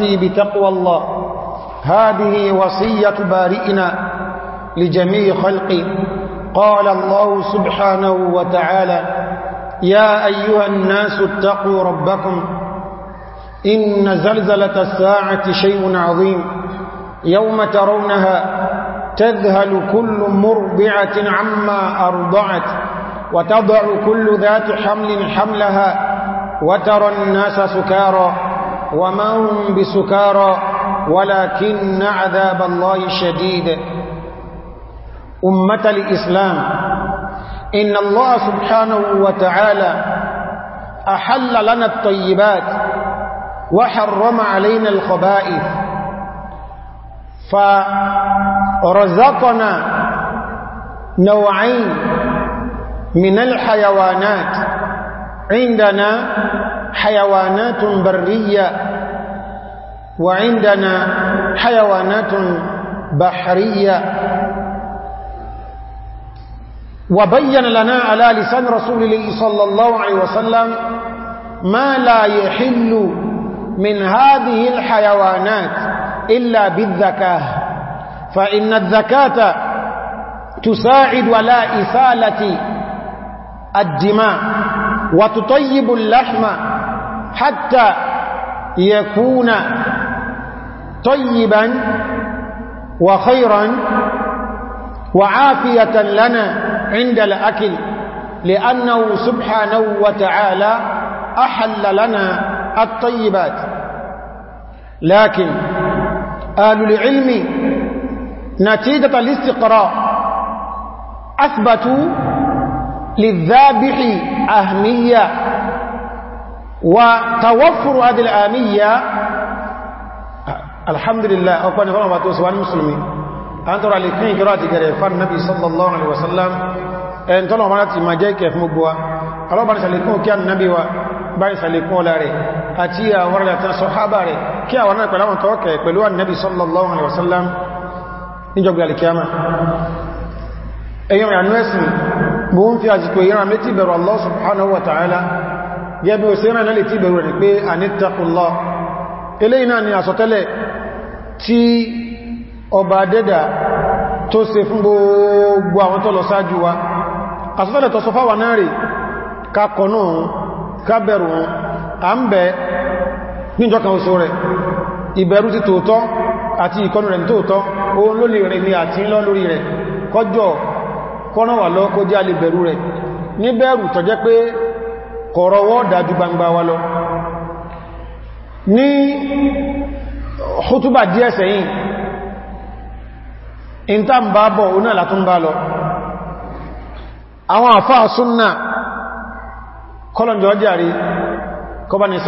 نفسي بتقوى الله هذه وصية بارئنا لجميع خلقه قال الله سبحانه وتعالى يا أيها الناس اتقوا ربكم إن زلزلة الساعة شيء عظيم يوم ترونها تذهل كل مربعة عما أرضعت وتضع كل ذات حمل حملها وترى الناس سكارى وما هم بسكارى ولكن عذاب الله شديد أمة الإسلام إن الله سبحانه وتعالى أحل لنا الطيبات وحرم علينا الخبائث فرزقنا نوعين من الحيوانات عندنا حيوانات برية وعندنا حيوانات بحرية وبين لنا على لسان رسول الله صلى الله عليه وسلم ما لا يحل من هذه الحيوانات إلا بالذكاة فإن الذكاة تساعد على إسالة الدماء وتطيب اللحم حتى يكون طيبا وخيرا وعافية لنا عند الأكل لأنه سبحانه وتعالى أحل لنا الطيبات لكن أهل العلم نتيجة الاستقراء أثبتوا للذابح أهمية وتوفر هذه الآنية الحمد لله أقواني فرما باتوس وعن المسلمين أن ترى لكي قراءة قريفان النبي صلى الله عليه وسلم أن ترى مرات ما جاء كيف مبوا الله بارس لكم كان النبي بارس لكم لاري أتيا ورلة صحابة كي أولنا قلوا أن توقع قلوا النبي صلى الله عليه وسلم نجوب للكيامة أيام يعني نوسم بهم في عزيكو يرى متي برو الله سبحانه وتعالى yẹbi òsèrè náà lè tí bẹ̀rù rẹ̀ pé anittaqullah eléyìí náà ni àsọtẹ́lẹ̀ tí ọba dẹ́dà tó ṣe fún gbogbo àwọn tó lọ sáájú wa àsọtẹ́lẹ̀ tó sọ fáwà náà rè kakọ̀nà òun kábẹ̀rù òun à ń bẹ níjọ kan oṣù rẹ̀ ìbẹ̀rù ti níbẹ̀rù tọ́jẹ́ pé kọ̀rọ̀ wọ́n dájú gbangba wa lọ ní hútúbà díẹ̀ sẹ́yìn in ta ń bá bọ̀ oní àlàtún bá lọ àwọn àfáà súnnà kọlọ̀njọ́ jàrí kọba wọ́n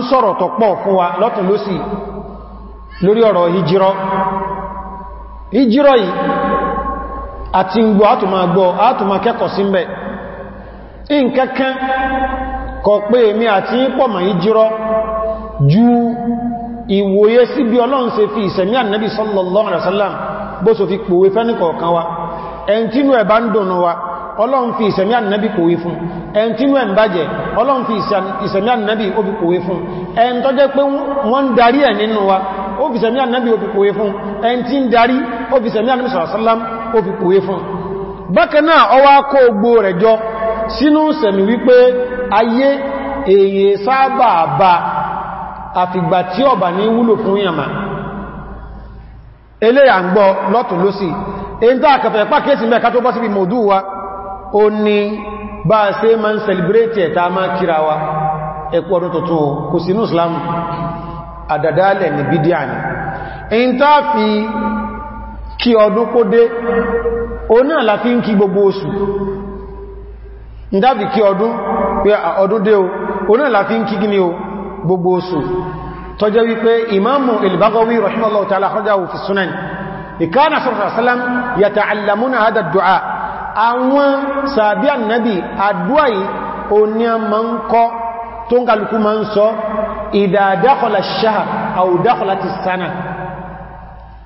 ń wa lọ́tùn lósì lórí ọ̀rọ̀ ìjírọ̀ yìí àti ìgbò átùmà gbọ́ átùmà kẹ́kọ̀ọ́ sí mẹ́ ìǹkẹ́kẹ́ kọ pé èmi àti ma ìjírọ̀ ju ìwòye sí bí ọlọ́run ṣe fi ìsẹ̀mí ànẹ́bì sallallahu alaihi wasallam fi pòwe fẹ́nìkọ̀ọ̀kan wa ẹn ẹn fi ó fi sẹ̀mí ànábì ó fi pòye fún ẹn tí ń darí ó fi sẹ̀mí ànábì sàrásálám ó fi pòye fún bákan náà ọwá kó gbó rẹ̀ jọ sínú sẹ̀mí wípé ayé èyè sábà bá àfìgbà tí ọ̀bà ní wúlò fún yàmà eléyà ń gbọ́ lọ́tún lọ́sì bá a ṣe máa ń celebrate ẹ̀ta máa kíra wa ọdún tuntun kò sínú Islam àdàdálẹ̀ ní bídíà ni in tá fi kí ọdún kó dé o náà la fi ń kí gbogbo oṣù in tá fi kí ọdún pé ọdún dé o o náà la fi ń kí gíní o gbogbo oṣù tọ́jẹ́ wípé imamu ilbagawi rahimahullahu ta'ala kharjahu ìdá dákọlá ṣáà àwò dákọlá ti sánà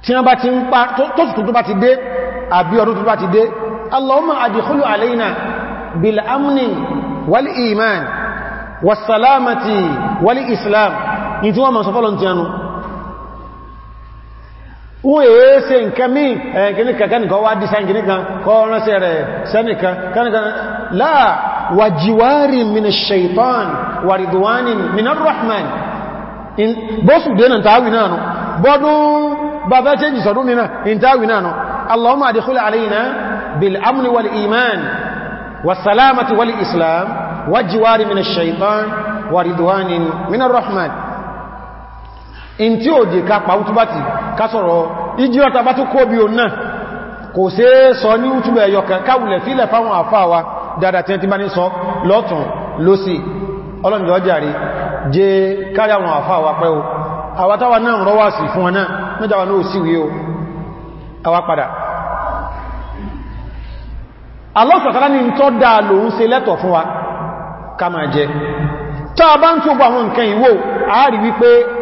tí wọ́n bá ti ń pa tó tuntun tó bá ti dé àbí ọdún tó bá ti dé allahumma adìkúlù alaina bil amni wal iman was salamati islam ní tí wọ́n ma sọ ti yanu wọ́n èése nǹkan mí ẹ̀kìní kẹkẹ́nìkan wá dísá ìgìní kan kọ́ ránṣẹ́ rẹ̀ sẹ́nìkan kẹ́nìkan láà wà jíwárí mìnà shaitan wà ridwani mìnà rahman bọ́sù dé náà tàwì náà bọ́dún bàbá chẹ́jì sọ́dún mìnà in tàwì náà allahumma adkhul alayna bil amni wal iman was salamati wal islam wà jíwárí mìnà shaitan wà ridwani mìnà rahman in ti o je ka pa utuba ti ka soro iji ota ba tu ko bi ona ko se so ni utuba eyo ka wule file fa won afa wa dada ti ba ni so lotun lo si je ka ya won afa pe o awa ta wa na ro wa na fun ona me ja o awa pada Allah sọ̀tọ́lá ni tọ́ dá lòun se lẹ́tọ̀ fún wa ká máa jẹ. Tọ́ bá ń tó bá a rí wípé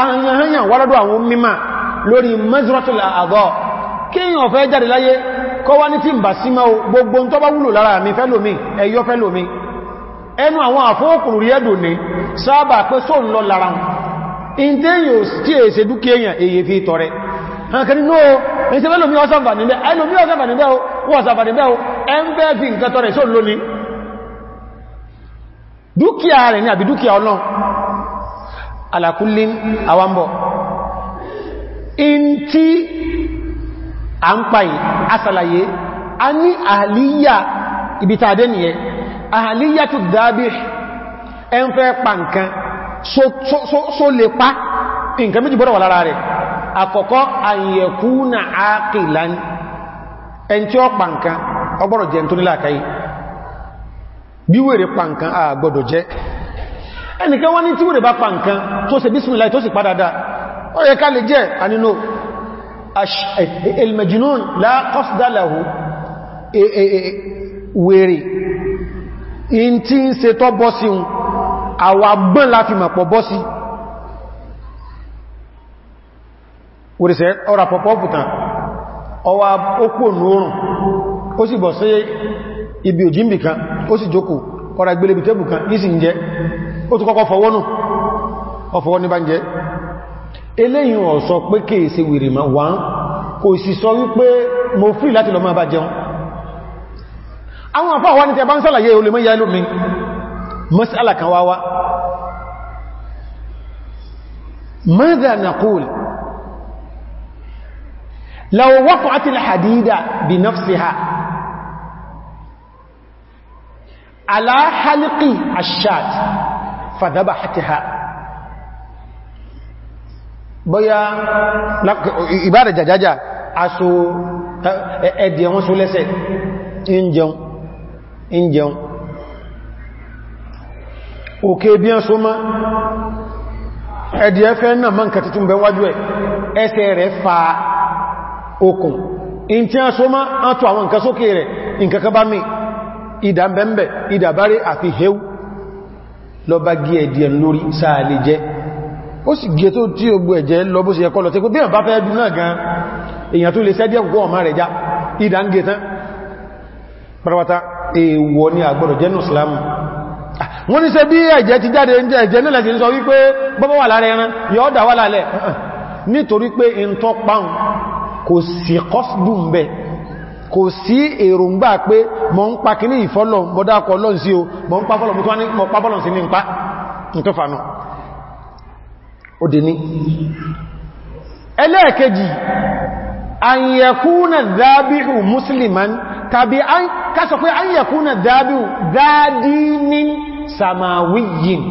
àyànyàn wọ́lọ́dọ̀ àwọn mímà lórí mazratul àgọ́ kíyàn fẹ́ jáde láyé kọ́ wá ní tí ń bà sí máa gbogbo tó bá wúlò lára mi fẹ́lòmí ẹ̀yọ́ fẹ́lòmí ẹnu àwọn àfọ́kùnrin rí ẹ̀dùn ní sábà pé só ń lọ lára wọn ìdí èyàn tí èsè dúkìyàn èyè fi tọrẹ hankali ní o ẹ̀sẹ̀ fẹ́lòmí ọsànfà níbẹ̀ ẹlòmí ọsànfà níbẹ̀ o wọ́n ọsànfà níbẹ̀ o ẹ ń bẹ́ fi nǹkan dúkìá rẹ̀ ni àbí dúkìá ọlọ́run alakullin awambo in ti a ń pa yìí asàlàyé a ní àhàlíyà ibìtàdé nìyẹ àhàlíyà tó dábí ẹn fẹ́ pa so lepa, pa nǹkan méjì bọ́rọ̀ wà lára rẹ̀ àkọ́kọ́ àyẹ̀kúnà ákìlán ẹn tí ó pa nǹkan ọgbọ́rọ̀ jẹ́ tó nílà káyí bí ẹnìkan wọ́n ní tí wèrè bá pa nǹkan tó ṣe bísmìlá tó sì padà dá ó yẹ ká lè jẹ́ ànínú eh, eh, al-majnun la qasda lahu e, e, e, wèrè in tí ń ṣe tọ́ bọ́ sí un àwà gbọ́n láti mọ̀pọ̀ bọ́ sí wèrèsẹ̀ ọ̀rà pọ̀pọ̀ pùtàn ọwà ókò nórùn ó sì bọ̀ sí ibi òjìmbì kan ó sì jókòó ọ̀rà gbélébì kan ní sì ń jẹ́ ó tún kọ́kọ́ fọwọ́nù ọfọwọ́ ní bá ń jẹ́ eléyìn ọ̀ sọ pé kèèsè wèrè ma wà ń kò sì sọ wípé mo frí láti lọ máa bá jẹun àwọn àfáà wá ní tẹ bá ń sàlàyé olè mọ́ yálò mi mas'ala kan wá fàdábà hàtíhà bóyá ìbára jàjájá aṣò ẹ̀dì ẹ̀wọ́n só lẹ́sẹ̀ ìjẹun ìjẹun òkè bí ẹn só mọ́ ẹ̀dì ẹfẹ́ náà mọ́ nǹkan títún bẹ wájú ẹ̀ ẹsẹ̀ rẹ̀ fa okùn in tí a só mọ́ átò àwọn nǹkan sókè rẹ̀ nǹkan ká bá mi ìdàmbẹ̀mbẹ̀ ìdàbárí àfi lọ bá gí ẹ̀dìẹ̀ lórí sáà lè jẹ́ ó sì gí tó tí ogbò ẹ̀jẹ́ lọ bó sì ẹkọ́ lọ tẹ́kọ́ bí ẹ̀bá fẹ́ dún náà gan èyàn tó lè sẹ́díẹ̀ kó ọmọ rẹ̀ já ìdá ń gẹ tán pàtàkì èèwọ̀ ni àgbọ̀rọ̀ jẹ́nu islamu wọ́n ní ṣe bí ẹ̀jẹ̀ ti kò sí èròǹgbà pé mọ́ ń pa kí ní ìfọ́lọ̀ mọ́dákọ̀ ọlọ́n sí o mọ́ ń pa fọ́lọ̀ mútúwá ní mọ́ pábọ́lọ̀ sí ní ń pa nítọ́fànà ó dì ní ẹlẹ́ẹ̀kejì àyẹ̀kúnà dábíhù musliman tàbí kásọ pé àyẹ̀kúnà dábíhù dádíní samawiyin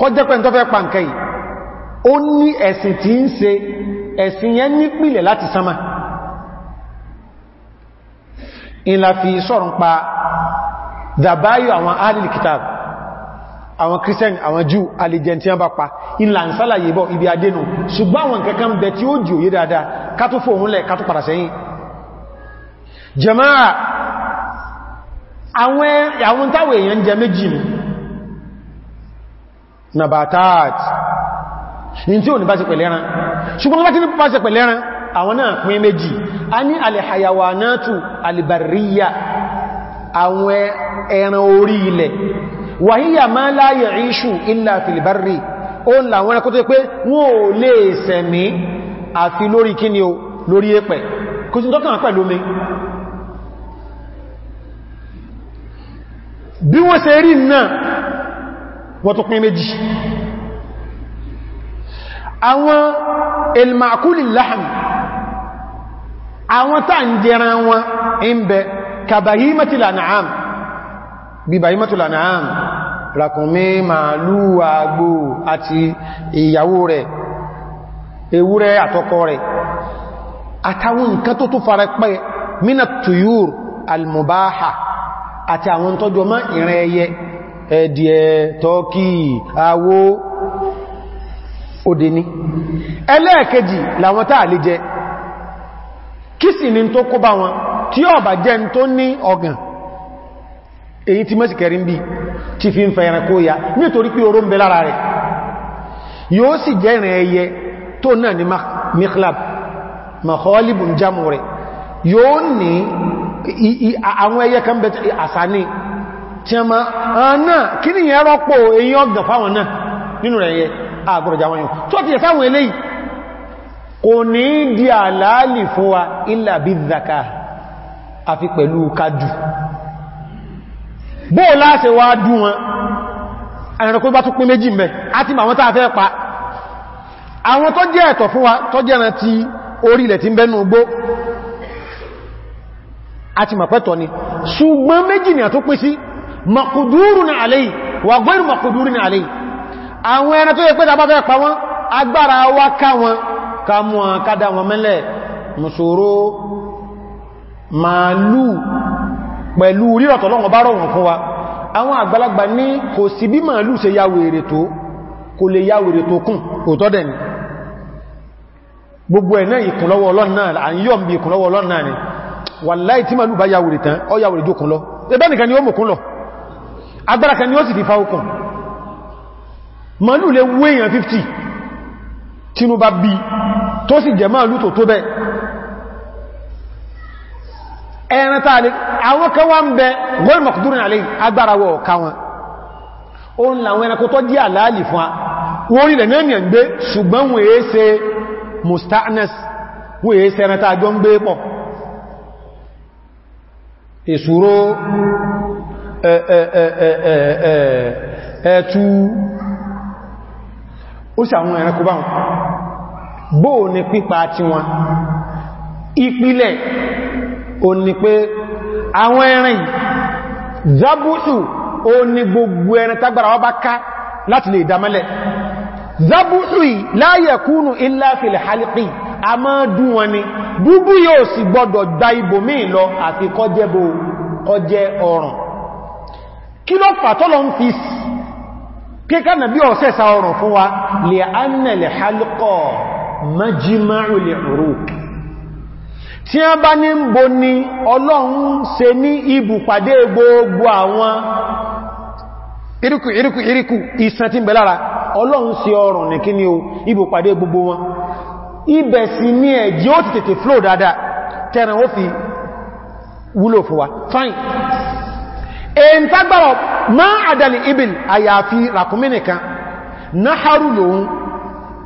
kọ́ jẹ́ pẹ́ tó fẹ́ pàǹkẹ́ yìí ó ní ẹ̀sìn tí ń ṣe ẹ̀sìn yẹn nípìlẹ̀ láti sama ìlà fi sọ́rùn pa dàbáyò àwọn alìkìtàbù àwọn christian àwọn jew alìjẹntí bá pa ìlà ń sálàyé bọ́ ibi adénù ṣùgbọ́n àwọn kankan bẹ tí ó jì òye dáadáa kátó fòhúnlẹ̀ kátó padà sẹ́yìn jama'a àwọn táwẹ̀ èèyàn jẹ méjì ni nabatat ní tí ò ní bá àwọn náà pín méjì a ní alìhàyàwánátù alìbàríyà àwọn ẹran orí ilẹ̀ wàhíyà máa láyẹ̀ ríṣù ilẹ̀ àfilìbárì ó ń làwọn ẹranko tó pé wọ́n ò lè sẹ̀mí àfi lórí kíni o lórí ẹ̀pẹ̀ àwọn ilmàkúlì láhàmì àwọn tá ń jẹran wọn ń bẹ kàbàyí mẹ́tìlà náàm bíbàyí mẹ́tìlà náàm ràkùnmí màálù àgbò àti ìyàwó rẹ̀ ewúrẹ́ àtọkọ rẹ̀ àtàwọn nǹkan tó tó fara pẹ́ mina tuyur almubaha àti àwọn tọ́jọ mọ́ ìrìn ẹyẹ ẹ̀dìẹ̀ tọ́kì àwó òdìní ẹlẹ́ẹ̀kejì làwọn táà lè jẹ kìsì ni tó kó bá wọn tí ó bá jẹ́ tó ní ọ̀gàn èyí tí mọ́sí kẹrin bí tí fi ń fẹ̀yàn kó ya nítorí pé oró ń bẹ lára rẹ̀ yóò sì jẹ́ ìrìn ẹyẹ tó náà ní mikhlab maholibu jamu rẹ̀ yóò ní àwọn ẹyẹ kan bẹ̀tẹ̀ àsáni tí a máa náà kí ni yẹn rọ́pò èyí ọ̀gàn fáwọn náà nínú rẹ̀ yẹ sáwọn kò ní di àlàálì fún wa illa bí zaka àfi pẹ̀lú kájú bó láṣẹ wá dú wọn ẹ̀rẹ̀kọ́ bá tún pín méjì mẹ́ àti àwọn tàà fẹ́ pa àwọn tó jẹ́ ẹ̀tọ́ fún wa tó jẹ́ ẹran ti orílẹ̀ tí bẹ́nu gbó àti màpẹ́tọ̀ ni ṣùgbọ́n méjì ni a sí makudúrù ní àlẹ́ wà gbọ́nù ká mú wọn kádà wọn mẹ́lẹ̀ mùsòrò màálù pẹ̀lú rírọ̀tọ̀ lọ́wọ́ bá rọ̀ wọn fún wa àwọn àgbàlagbà ní kò sí bí màálù ṣe ya wèrè tó kò lè ya wèrè tó kùn òtọ́ dẹ̀ ni gbogbo ẹ̀nà ìkùnlọ́wọ́ ọlọ́run ni wàláì tí màálù ya wèrè tán ya wèrè jókùn lọ ẹbẹ́ nìkan ni ó mùkún lọ agbára kan ni ó sì fi fa okùn lè wé 50 tínú bá bí tó sì jẹ máa lútò tó bẹ́ ẹran tàà lè àwọn kan wá ń bẹ gọ́ọ̀rùn mọ̀kúdúrin àlè agbára wọ ọ̀ká wọn ó ń làwọn ẹranko tó jẹ́ àlàálì fún wa wọ́n rí lẹ̀nà ènìyàn gbé ṣùgbọ́n wọ́n èé ṣe mustanas wọ́n bóò ní pípa ti wọn ìpìlẹ̀ o ní pé àwọn ẹran zabutu o ní gbogbo ẹran tágbàrà wọ́n bá ká láti lè ìdámẹ́lẹ̀ zabutu la yakunu illa fil halqi a máa dún wọn ni dúdú yóò sì gbọdọ̀ gba ibòmí lọ àti kọjẹ́bò kọjẹ́ ọ̀ràn kí ló fàtọ́lọ́ ń fi kíkà nàbí ọ̀sẹ̀sà ọ̀ràn fún wa lè annà lè majima'ul ọrụ tí a bá ní ń bo ni ọlọ́run se ní ibùpàdé gbogbo àwọn irikù irikù ìsàn tí ń lára ọlọ́run ṣe ọrùn ní kí ni o gbogbo wọn ibẹ̀ sí ní ẹ̀jí ó ti tètè flow dada tẹ́rẹ ó fi wúlò wa fine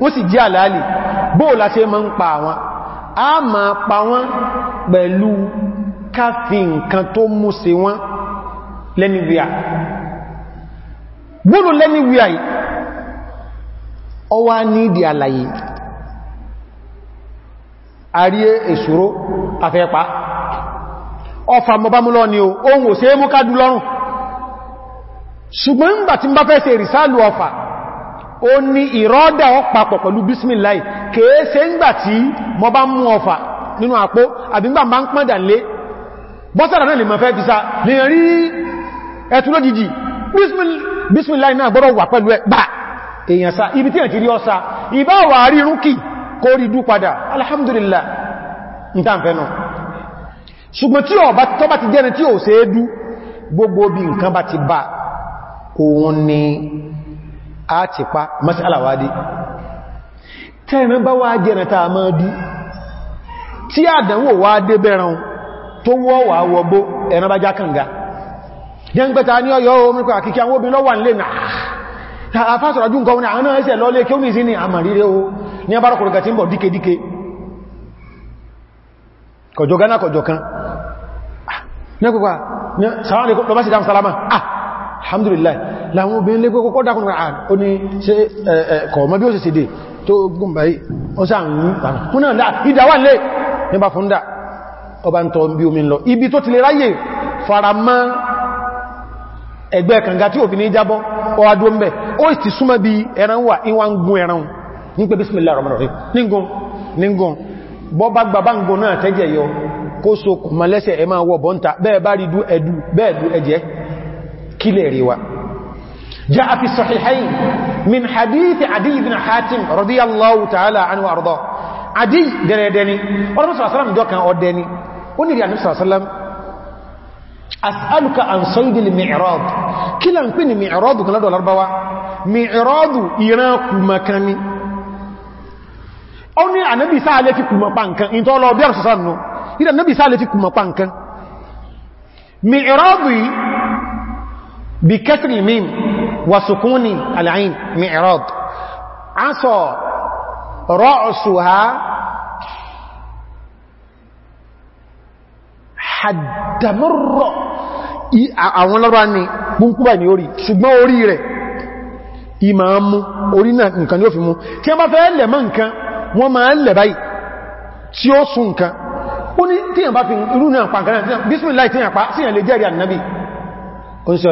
ó sì jẹ́ àlàálì bóòlá ṣe máa ń pa àwọn a máa pa wọ́n pẹ̀lú káfí nǹkan tó mú ṣe wọ́n lẹ́niwíà gbóòlù lẹ́niwíà yìí ọ wá ní ìdí àlàyé àrí èṣòro afẹ́pa ọfà mọ̀bámúlọ́ ni o ohun òṣèré mú ṣùgbọ́n ń gbà tí ń bá fẹ́ ṣe ìrìsáàlù ọfà ó ní ìrọ́dà ọ papọ̀ pẹ̀lú bismillah kèése ńgbà tí mo bá mú ọfà nínú àpó àbígbà bá ń pọ́ndà lé bọ́sára náà lè mọ̀ fẹ́ fi sá lè rí ẹ̀tún lójijì bismillah náà gbọ́rọ̀ wà pẹ̀lú ẹ bá èèyàn sá ibi ẹ̀ alhamdulillah ṣùgbọ́n tí ó bá ti jẹ́ ni tí ó ṣe é dú gbogbo bí nǹkan a ti pa mas'ala wádé tẹ́rin bá wá jẹ́ ẹ̀rẹta àmọ́dú tí àdánwò wá dé bẹ̀rẹ̀ tó wọ́ wà wọ́bó ẹ̀rẹ bá já kànga jẹ́ ń pẹ́ta ní ọyọ́ omi pẹ́ àkíkí àwọn obìnrin lọ́wà nílé náà afásọ̀rọ̀dún kan ní àwọn ẹsẹ̀ lọ́lé kí ó ní sí ní àmàríre o ní abárọkùnrin tí ń bọ̀ díkedíke kọjọ̀gánà kọjọ̀ kan ah, ní ẹgbẹ̀gbà sáwọn lè kọ́ lọ bá sí dámsálámà ah alhamdulillah láwọn obìnrin lé kókó dákùnrin àà ó ní ṣe kọ̀ọ̀mọ́ bí ó sì sì dé tó gùn báyìí ó sáàrùn ún náà dáa ìdáwà lè nípa fún dáa ọba ń tọ́ bí omi lọ ibi tó ti lè ráyè faramá ẹgbẹ́ kànga tí òfin ní jábọ́ ọwádó mẹ́ ó ti súnmọ́ bí ẹran wà ní wọ́n gún ẹran ní pé bísmìlá rọ̀mọ̀rọ̀ nígun nígun bọ́bá gbàbá bẹ́ẹ̀ bá rí dú bẹ́ẹ̀ dú kílẹ̀ rí wa جاء في الصحيحين من حديث عدي بن حاتم رضي الله تعالى عنه وارضاه عدي دردني ورسول الله صلى الله عليه وسلم دوكان اودني وني النبي صلى الله عليه وسلم as'aluka an saidi li mi'rad kila n pè ní mi'rad kan lọ́dọ̀ larbawa mi'rad ìran kumakani ó ní ànábì sáà lè fi kumapa nkan in tó lọ bí ọ̀sọ̀sánú ìdá ànábì بكسر الميم وسكون العين معراض عصى رأسها حدمر àwọn lọ́rọ̀ ní púpúpà ní orí ṣùgbọ́n orí rẹ̀ ìmá mú orí náà nǹkan ni ó fi mú tí wọ́n bá fẹ́ lẹ̀ mọ́ nǹkan wọ́n máa lẹ̀ báyìí tí ó sún nǹkan ó ní tí wọ́n bá fi irú náà pàǹkan náà bísmìláì tí wọ́n pa síyàn lè jẹ́rìí ànábì ó ń sọ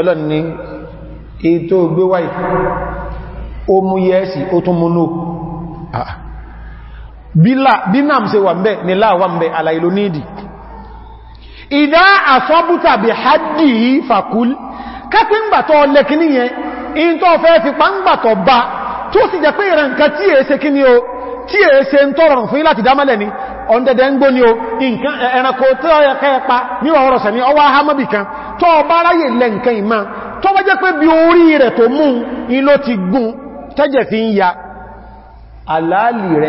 ètò gbéwáì ó mú yẹ́ẹ̀sì ó tún múnú ah, ah. bí náà se wà ń ni láà wà ń bẹ́ àlàìlò nídì ìdá àsọ́bútà bí hajji fàkúl kẹ́kí ń gbàtọ̀ lẹ́kíníyẹn in tó fẹ́ fi pa ń gbàtọ̀ bá tó sì jẹ́ pé ìrànkà tí èé se kíní o tí è ṣe ń tọ́rọ̀ fún láti dámẹ́lẹ̀ ni ọ̀ndẹ̀dẹ̀ ń gbó ní o nǹkan ẹranko tó ẹ̀kẹ́ pa ní ọ̀rọ̀ sẹ̀mí ọwá hamábì kan tó bá ráyè lẹ ìmá tó bá jẹ́ pé bí orí rẹ̀ tó mú in ti gún tẹ́jẹ̀ fi ń ya aláàlì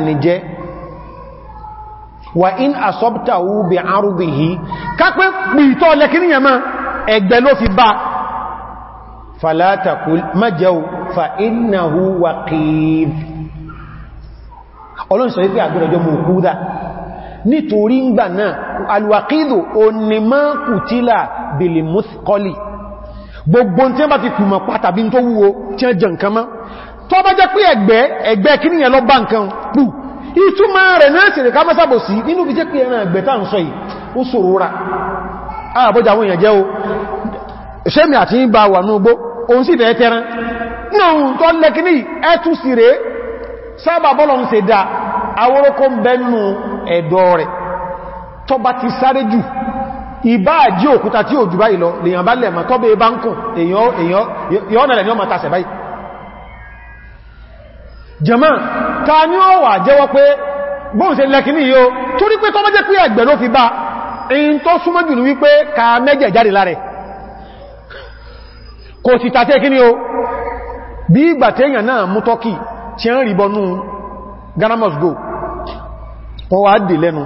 fa innahu waqif ọlọ́run sọ wípé àgbẹ̀rẹ̀jọ́ mú kúdà nítorí ń gbà náà alwàkídò onímọ́kù tílà bèlè mọ́síkọ́lì gbogbo tí wọ́n bá ti kùmọ̀ pàtàbí tó wúwo tí wọ́n jẹ nǹkan mọ́ tó bá jẹ́ pé ẹgbẹ́ ẹgbẹ́ kíníyàn lọ bá nǹkan pù ìtumọ̀ rẹ̀ náà sì rẹ̀ká mọ́sàbò sí nínú fi jẹ́ pé ẹran ẹgbẹ́ tàà ń sọ yìí ó sòrò ra àbójà àwọn èèyàn jẹ́ o ṣẹ́mi àti ń bá wà ní ogbó òun sì fẹ́ tẹran náà tó lẹ́kíní ẹ̀tù sí rèé sábà bọ́lọ̀ ń se dá awórókó bẹnu ẹ̀dọ̀ rẹ̀ tó bá ti sáré jù ìbá jí òkúta tí ò jù báyìí lọ lèyàn bá lẹ̀mà tó bẹ e bá ń kùn èyàn jàmá ta ni ó wà jẹ́wọ́ pé bóhùn se lẹ́kì ní yíó torí pé tọ́mọ́jẹ́ pé ẹgbẹ̀ ló fi bá èyí bí ìgbà tẹ́yàn náà mú tọ́kì tí ń rìbọnú Ghana must go wọ́n wá dè lẹ́nu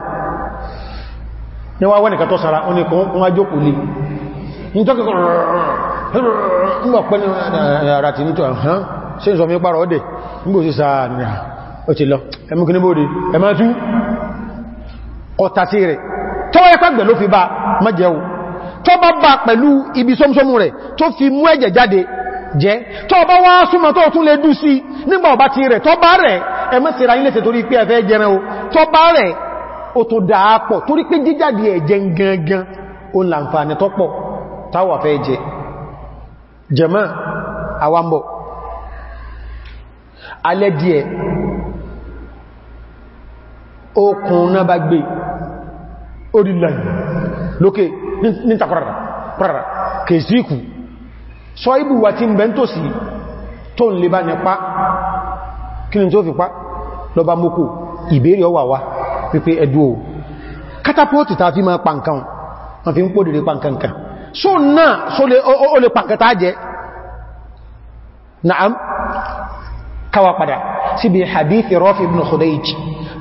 ní wá wẹ́nìkà tó sára ó ní kan wọ́n wá jókòó lè ní tó kẹ́kọ̀ọ́ mọ̀ pẹ́ ní ara ti nítọ̀ ẹ̀hán ṣe ń sọ mi pàrọ̀ ọdẹ̀ nígbò sí sáà nìyà ó ti lọ ẹmú kí níbòdì ẹmá tú ọ̀tà sí rẹ̀ tó wáyé pàgbẹ̀ ló fi bá mẹ́jẹun tó jẹ́ tó bá wá súnmọ́ tó tún lè dú sí nígbà ọba ti rẹ̀ tó bá rẹ̀ ẹmọ́sìnra ilé tẹ̀ torí pé ẹ̀fẹ́ jẹran o tó bá rẹ̀ o tó dáápọ̀ torí pé jíjáde ẹ̀jẹ̀ gangan o lànfààní tó pọ̀ táwà fẹ́ jẹ jẹmọ́ àwambọ̀ alẹ́ díẹ̀ okùn náà bá gbé orílẹ̀ lókè ní tàkọ̀rọ̀ kèsíkù sọ ibù wà tí ń bẹ́ tó sí tó ń lè bá ní pa kí ni tó fi pa lọ bá mọ́kù ìbéèrè ọwà wá pípé ẹ̀dù o katapọ́ọ̀tì ta fi máa pa nǹkan wọn fi ń pò dìde pa nǹkan kan so náà so ó lè pa nǹkan tá jẹ na'am káwa padà síbi hadithi Rafi ibn Khudayj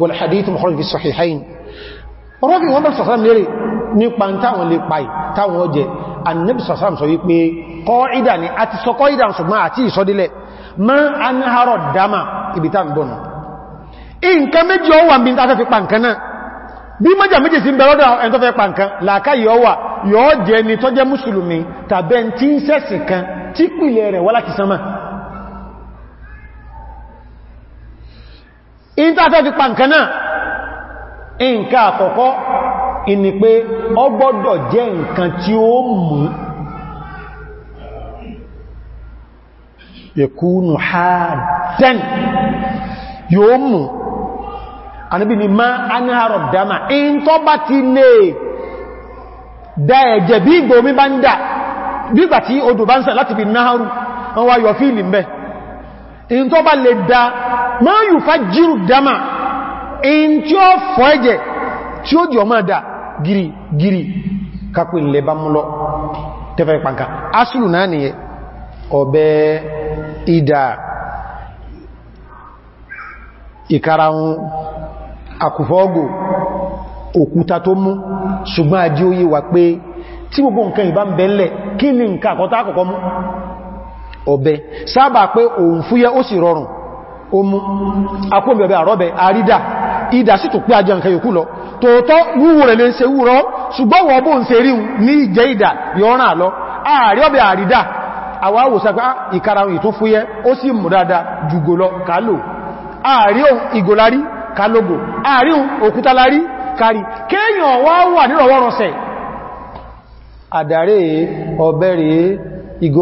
wal hadithi mukhraj fi sahihayn Rafi wọn bá sọ̀rọ̀ lérè nípa táwọn lè pa táwọn jẹ annabi sasam sọ wípé kọ́ìdà ni a ti sọ kọ́ìdà ṣùgbọ́n àti ìsọdílẹ̀ ma an harọ̀ dama ibi ta ń bọ̀nà nǹkan méjì ọwà bí ta fẹ́ pa nǹkan náà bí mọ́jà méjì sí bẹ̀rọ̀dọ̀ ẹn tó fẹ́ pa nǹkan làká yọ́wà yọ́ jẹ́ ni tó jẹ́ mùsùlùmí tàbẹ́ tí ń sẹ́sì kan tí pìlẹ̀ rẹ̀ wá láti sánmà in ta fi pa nǹkan náà nǹkan àkọ́kọ́ ìní pé ọ gbọ́dọ̀ jẹ́ nǹkan tí ó mú ẹkùnù hàdán yóò mú àníbí ni máa anáhàrọ̀ dáma in tó bá ti lè dá ẹ̀jẹ̀ bí ìgbòmí bá ń dà nígbà tí odò bá ń sàn láti fi náhàrù wọ́n wá yọ fíìlì mẹ́ in tó bá lè dá máa yù fá jírù dáma in tí ó fọ́ ẹ̀jẹ̀ tí ó jọ máa dáa giri giri kápù ilẹ̀ bá mú lọ tẹ́fẹ́ ìpànkà asùlù náà nìyẹ ọ̀bẹ ìdà ìkarahun àkùfọ́gò òkúta tó mú ṣùgbọ́n àjí ó yé wà pé tí gbogbo nǹkan ìbá ń bẹ̀ẹ́lẹ̀ kí ni nǹkan àkọ́tà àkọ́kọ́ mú ọ̀bẹ sábà pé òun fúyẹ́ ó sì rọrùn ó mú àrídà tòótọ́ wúwò rẹ̀ lè ṣe wúrọ́ ṣùgbọ́n wọ́n bó ń ṣe rí ní ìjẹ́ ìdà yọ́ràn lọ ààrí ọbẹ̀ àrídà àwọn àwòsàgbá ah, ìkarahun ìtún fúyẹ́ ó sì mú dáadáa jùgò lọ kálò ààrí ìgòlárí kálógò ààrí òkútalárí kárí kéèyàn wá wà nírọ̀wọ́rọ̀sẹ̀ àdàrẹ́ ọ̀bẹ rẹ̀ ah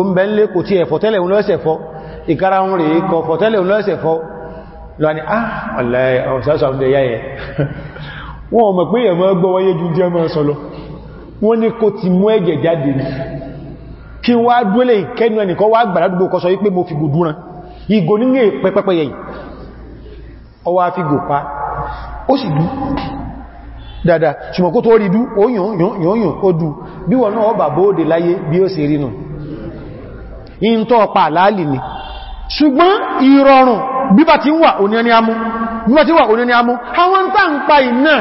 ọ̀lẹ́ ọ̀sẹ̀ ọ̀sẹ̀ ọ̀sẹ̀ wọn mọ̀ pé ẹ̀mọ́ gbọ́ wáyé jù jẹ́ mọ́ sọ lọ wọ́n ni kó ti mú ẹ̀jẹ̀ jáde ní kí wá dúélé ìkẹ́nu ẹnìkan wá gbàdádùgbò kọ́ sọ wípé mo fi gùn dúran ìgò nílé dada ridu bí ti ń wà òní nígbà tí wà òní ni a mú àwọn tá ń pa iná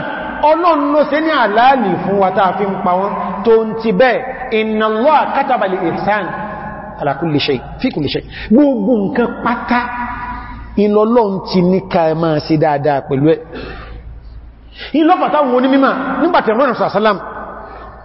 ọlọ́run ló ṣe ní àlàálì fún wa táa fi ń pa wọn tó ń ti bẹ́ẹ̀ inna Allah kataba al-ihsan ala kulli shay fi kulli shay gbogbo nǹkan pátá ìlọ́lọ́run ti ní ká máa ṣe dáadáa pẹ̀lú ẹ̀ ìlọ́pàá táwọn onímímà nígbàtẹ̀ mọ́rin sàṣálàmù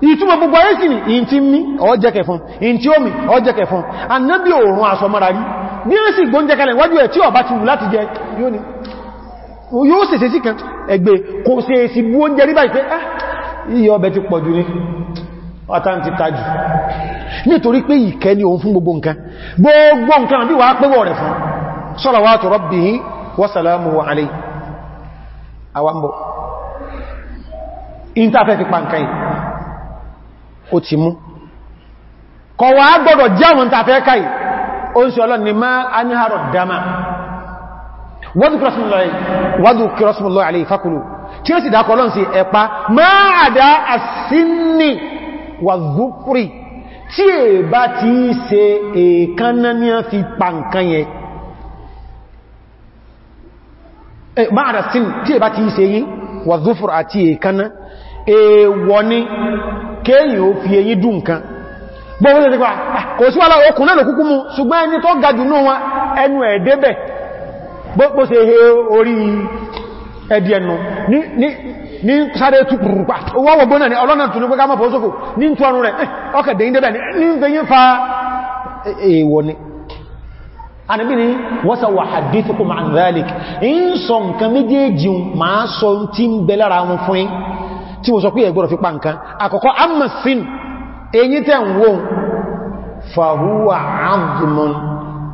ìtumọ̀ gbogbo ayé sí ni in ti mí ọjẹ́kẹ̀ fún in tí ó mi ọjẹ́kẹ̀ fún annabi òòrùn aṣọ mara rí bí ó sì gbóúnjẹ́kẹ̀lẹ̀ wájú ẹ̀ tí ó bá ti wù láti jẹ yóò sì sí kan ẹgbẹ́ kò sí èsì rí báyìí pé ah, iye ọbẹ̀ ti ti gbogbo gbogbo ó ti mú kọwà gbọ́dọ̀ jáwọn tàfẹ́ káì ó ń sọ ọlọ́n ni máa a ní àrọ̀ dama wádùú kírọ́sùmùlọ́ alẹ́ ìfàkùlù tí ó sì dákọ̀ ọlọ́n sí ẹ̀pá máa àdá àsínì wà zúkúrì tí è bá ti ṣe èkánná ní fi pa nǹkan yẹn máa àdá sín tí è bá ti ṣe yí wà zúfúrì àti èkánná èèwọ̀ ni kéyìn ó fi eyi dùn gbogbo ìdíkwa ah, kò sí wálá okùn náà lòkúkú mú ṣùgbọ́n ẹni tó gajù náà wọn ẹnu ẹ̀dẹ́bẹ̀ gbogbo ṣe he orí ẹdí ẹnu ní sáré túpùrùpá owó ọgbọ́n ni ọlọ́nà tún ní pé ká mọ́ fọ́sókò ní tún ọrùn rẹ̀ eh, ọkẹ̀dẹ̀ fa ni in sọ méjèèjì sọ ń bẹ lára tí mo sọ pé ẹgbọ́rọ̀ fi pa nǹkan àkọ́kọ́ amasin eyín tẹ́ ń wọ́n fàrúwà azmun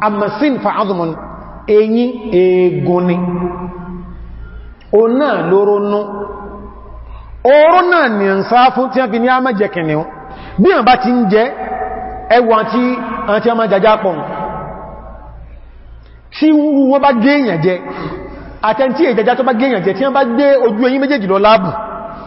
amasin fa azmun eyín eegun ni o náà lóró nú náà ni ń sá fún tí a fi ní a mẹ́jẹ kìnnìún bí wọ́n bá ti ń jẹ ẹwà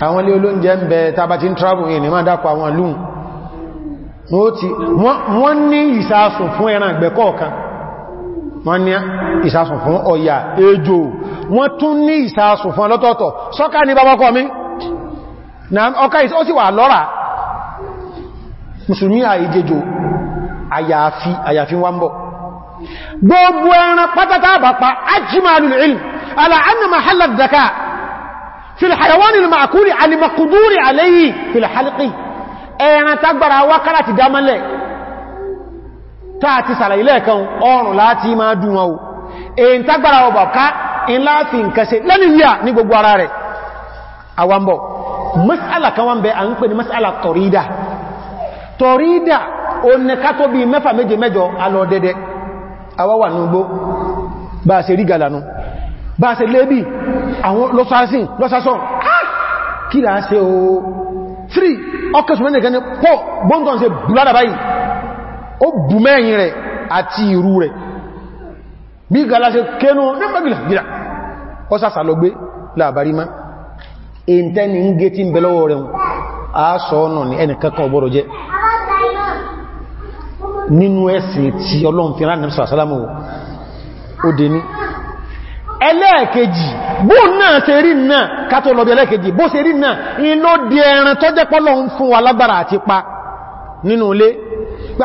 àwọn ilé olóúnjẹ ń bẹ tàbá ti ń travel in ní máa dákọ̀ àwọn lóun wọ́n ní ìsásùn fún ẹran àgbẹ̀kọ̀ọ̀kan wọ́n ní ìsásùn fún ọ̀yà ejò wọ́n tún ní ìsásùn fún ọlọ́tọ̀ọ̀tọ̀ sọ́ká ní babakọ̀ mi na ọka ìsọ́ sì wà lọ́ra musulmi àìjẹjò àyàfi àyàfi wọ́n bọ̀ gbogbo ẹran pátátá àbàpá ajímọ̀ alùlẹ̀ ilm ala anna mahallar fi l'hayawan al-ma'kuli al-maqduri alayhi fi l'halqi ẹran tagbara wákàrà ti dámọ́lẹ̀ táàtí sàlàyé lẹ́ẹ̀kan ọrùn láti máa dùn wọn o èyí tagbara ọba ká in láàfin kẹsẹ̀ lẹ́nu yíà ní gbogbo ara rẹ̀ àwambọ̀ mas'ala kan wọ́n bẹ à ń pè ní mas'ala tọ̀rídà tọ̀rídà o ní ká tó bí mẹ́fà méje mẹ́jọ alọ́dẹ́dẹ́ awọ́wà núgbó bá a rí galanu bá ṣe lébì àwọn lọ́sásìn lọ́sásán ah! kí là á ṣe o 3 ọkẹ̀sùn mẹ́rin gẹni pọ̀ bọ́ntọ̀n se bùládà báyìí ó bù mẹ́rin rẹ̀ àti ìrú rẹ̀ bí gala ṣe kénú nígbàgbìlà ọsásà lọ gbé láàbárí má èntẹ́ni ń ni ẹnìkankan ọgbọ́rọ̀ jẹ́ nínú ẹ̀sìn tí ọlọ́run fi rán nàìjíríà sálámù ó dé ní ẹlẹ́ẹ̀kejì bó náà ṣe rí náà kátó lọ bí ẹlẹ́ẹ̀kejì bó ṣe rí náà inú di ẹran tó jẹ́ pọ́lọ̀ ń fún wa lágbára àti pa nínú ilé ah,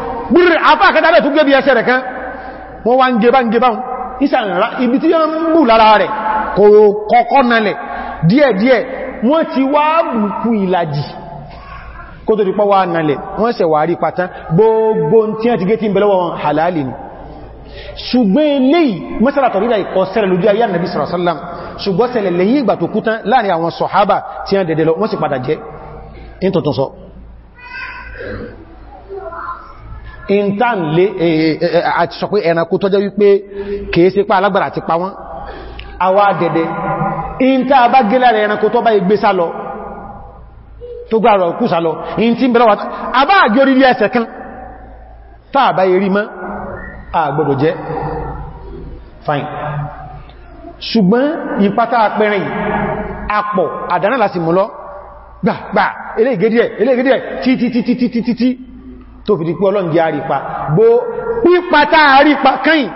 gbúrú afá àkẹtàbẹ̀ tó gé bí ẹsẹ̀ rẹ̀ kan wọ́n wá ń gé bá ń gé bá ibi tí wọ́n ń bù lára rẹ̀ kò kọ́kọ́ nalẹ̀ díẹ̀díẹ̀ wọ́n ti wá bùkú ìlàjì kó tó dípọ́ wá nalẹ̀ wọ́n sẹ̀ wà rí patán gbogbo tí wọ́n ti gé tí ń bẹ̀lọ́wọ́ wọn halali ni ṣùgbọ́n eléyìí mẹ́sàlá tọ̀rídà ìkọ̀ sẹ́rẹ̀ lójú ayé ànàbí sọ̀rọ̀sọ́lá ṣùgbọ́n sẹlẹ̀ lẹ́yìn intan le eh, eh, eh, àti sọ pé ẹranko tọ́jẹ́ wípé kìí sí pa alágbàrà ti pa wọ́n àwa dẹ̀dẹ̀ inta bá gẹ́lá rẹ̀ ẹranko tó bá igbé sálọ tó gbà rọ̀ kú sálọ in ti bẹ̀rẹ̀ wata àbá àgbẹ̀ orí ẹsẹ̀ kan tàà bá yẹrí mọ́ àgbọ̀dọ̀ jẹ́ fine ṣùgbọ́n ìpátá apẹrin àpọ̀ àdánà lásìmọ́lọ́ gbà gbà eléègédìẹ̀ eléègédìẹ̀ títítítítítítí tó fi di pé ọlọ́njẹ àrípa bó pípatá àrípa káyìn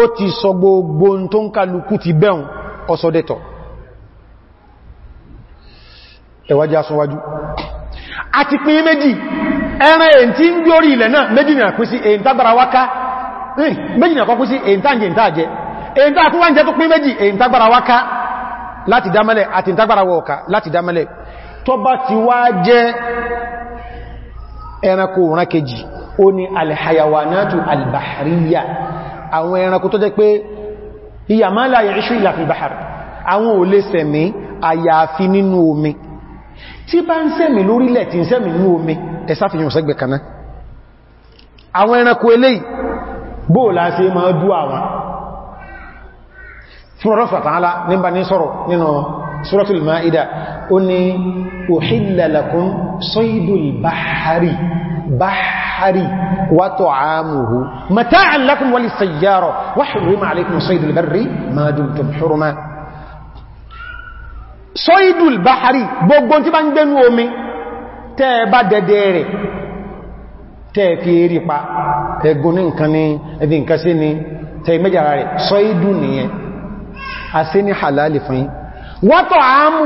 ó ti sọ gbogbo tó ń kálukú ti bẹ́un ọsọdẹ́tọ̀ ẹwàjí asọwájú àti pín méjì ẹran èyí tí ń gbé orí ilẹ̀ náà méjì nà pín sí èyí tágbàra wáká méjì nà kọ́ pín sí èyí táàjẹ̀ ìtàjẹ́ èyí tàà tó wá ń jẹ́ tó pín méjì èyí tágbàra wáká láti dámẹ́lẹ̀ àti ìtagbàra wọ́ọ̀ká láti dámẹ́lẹ̀ tó bá ti wá jẹ́ ẹranko òran kejì ó ní alhayawanatu albahariya àwọn ẹranko tó jẹ́ pé iyàmálà yẹ̀ṣù ìlàfibahar àwọn ò lè sẹ̀mí àyàfi nínú omi tí bá ń sẹ̀mí lórílẹ̀ tí ń sẹ̀mí nínú omi ẹ̀sáfihàn sẹ́gbẹ̀ kaná àwọn ẹranko eléyìí bóòlá sí máa dú àwọn fún ọlọ́fà tààlá nígbà ní sọ́rọ̀ nínú suratul ó ní uhilla saydul bahari bahari wa ta'amuhu mata'an lakum wa lis-sayyara wa hurrima alaykum saydul barri ma dumtum hurma saydul bahari gbogbo tí bá ń gbénú omi tẹ́ bá dẹ̀dẹ̀ rẹ̀ ẹgùn ní nǹkan ní ẹbí nǹkan sí ni tẹ́ mẹ́jára rẹ̀ sọ́ídù nìyẹn a sí ní halali fún yín wọ́tọ̀ àámù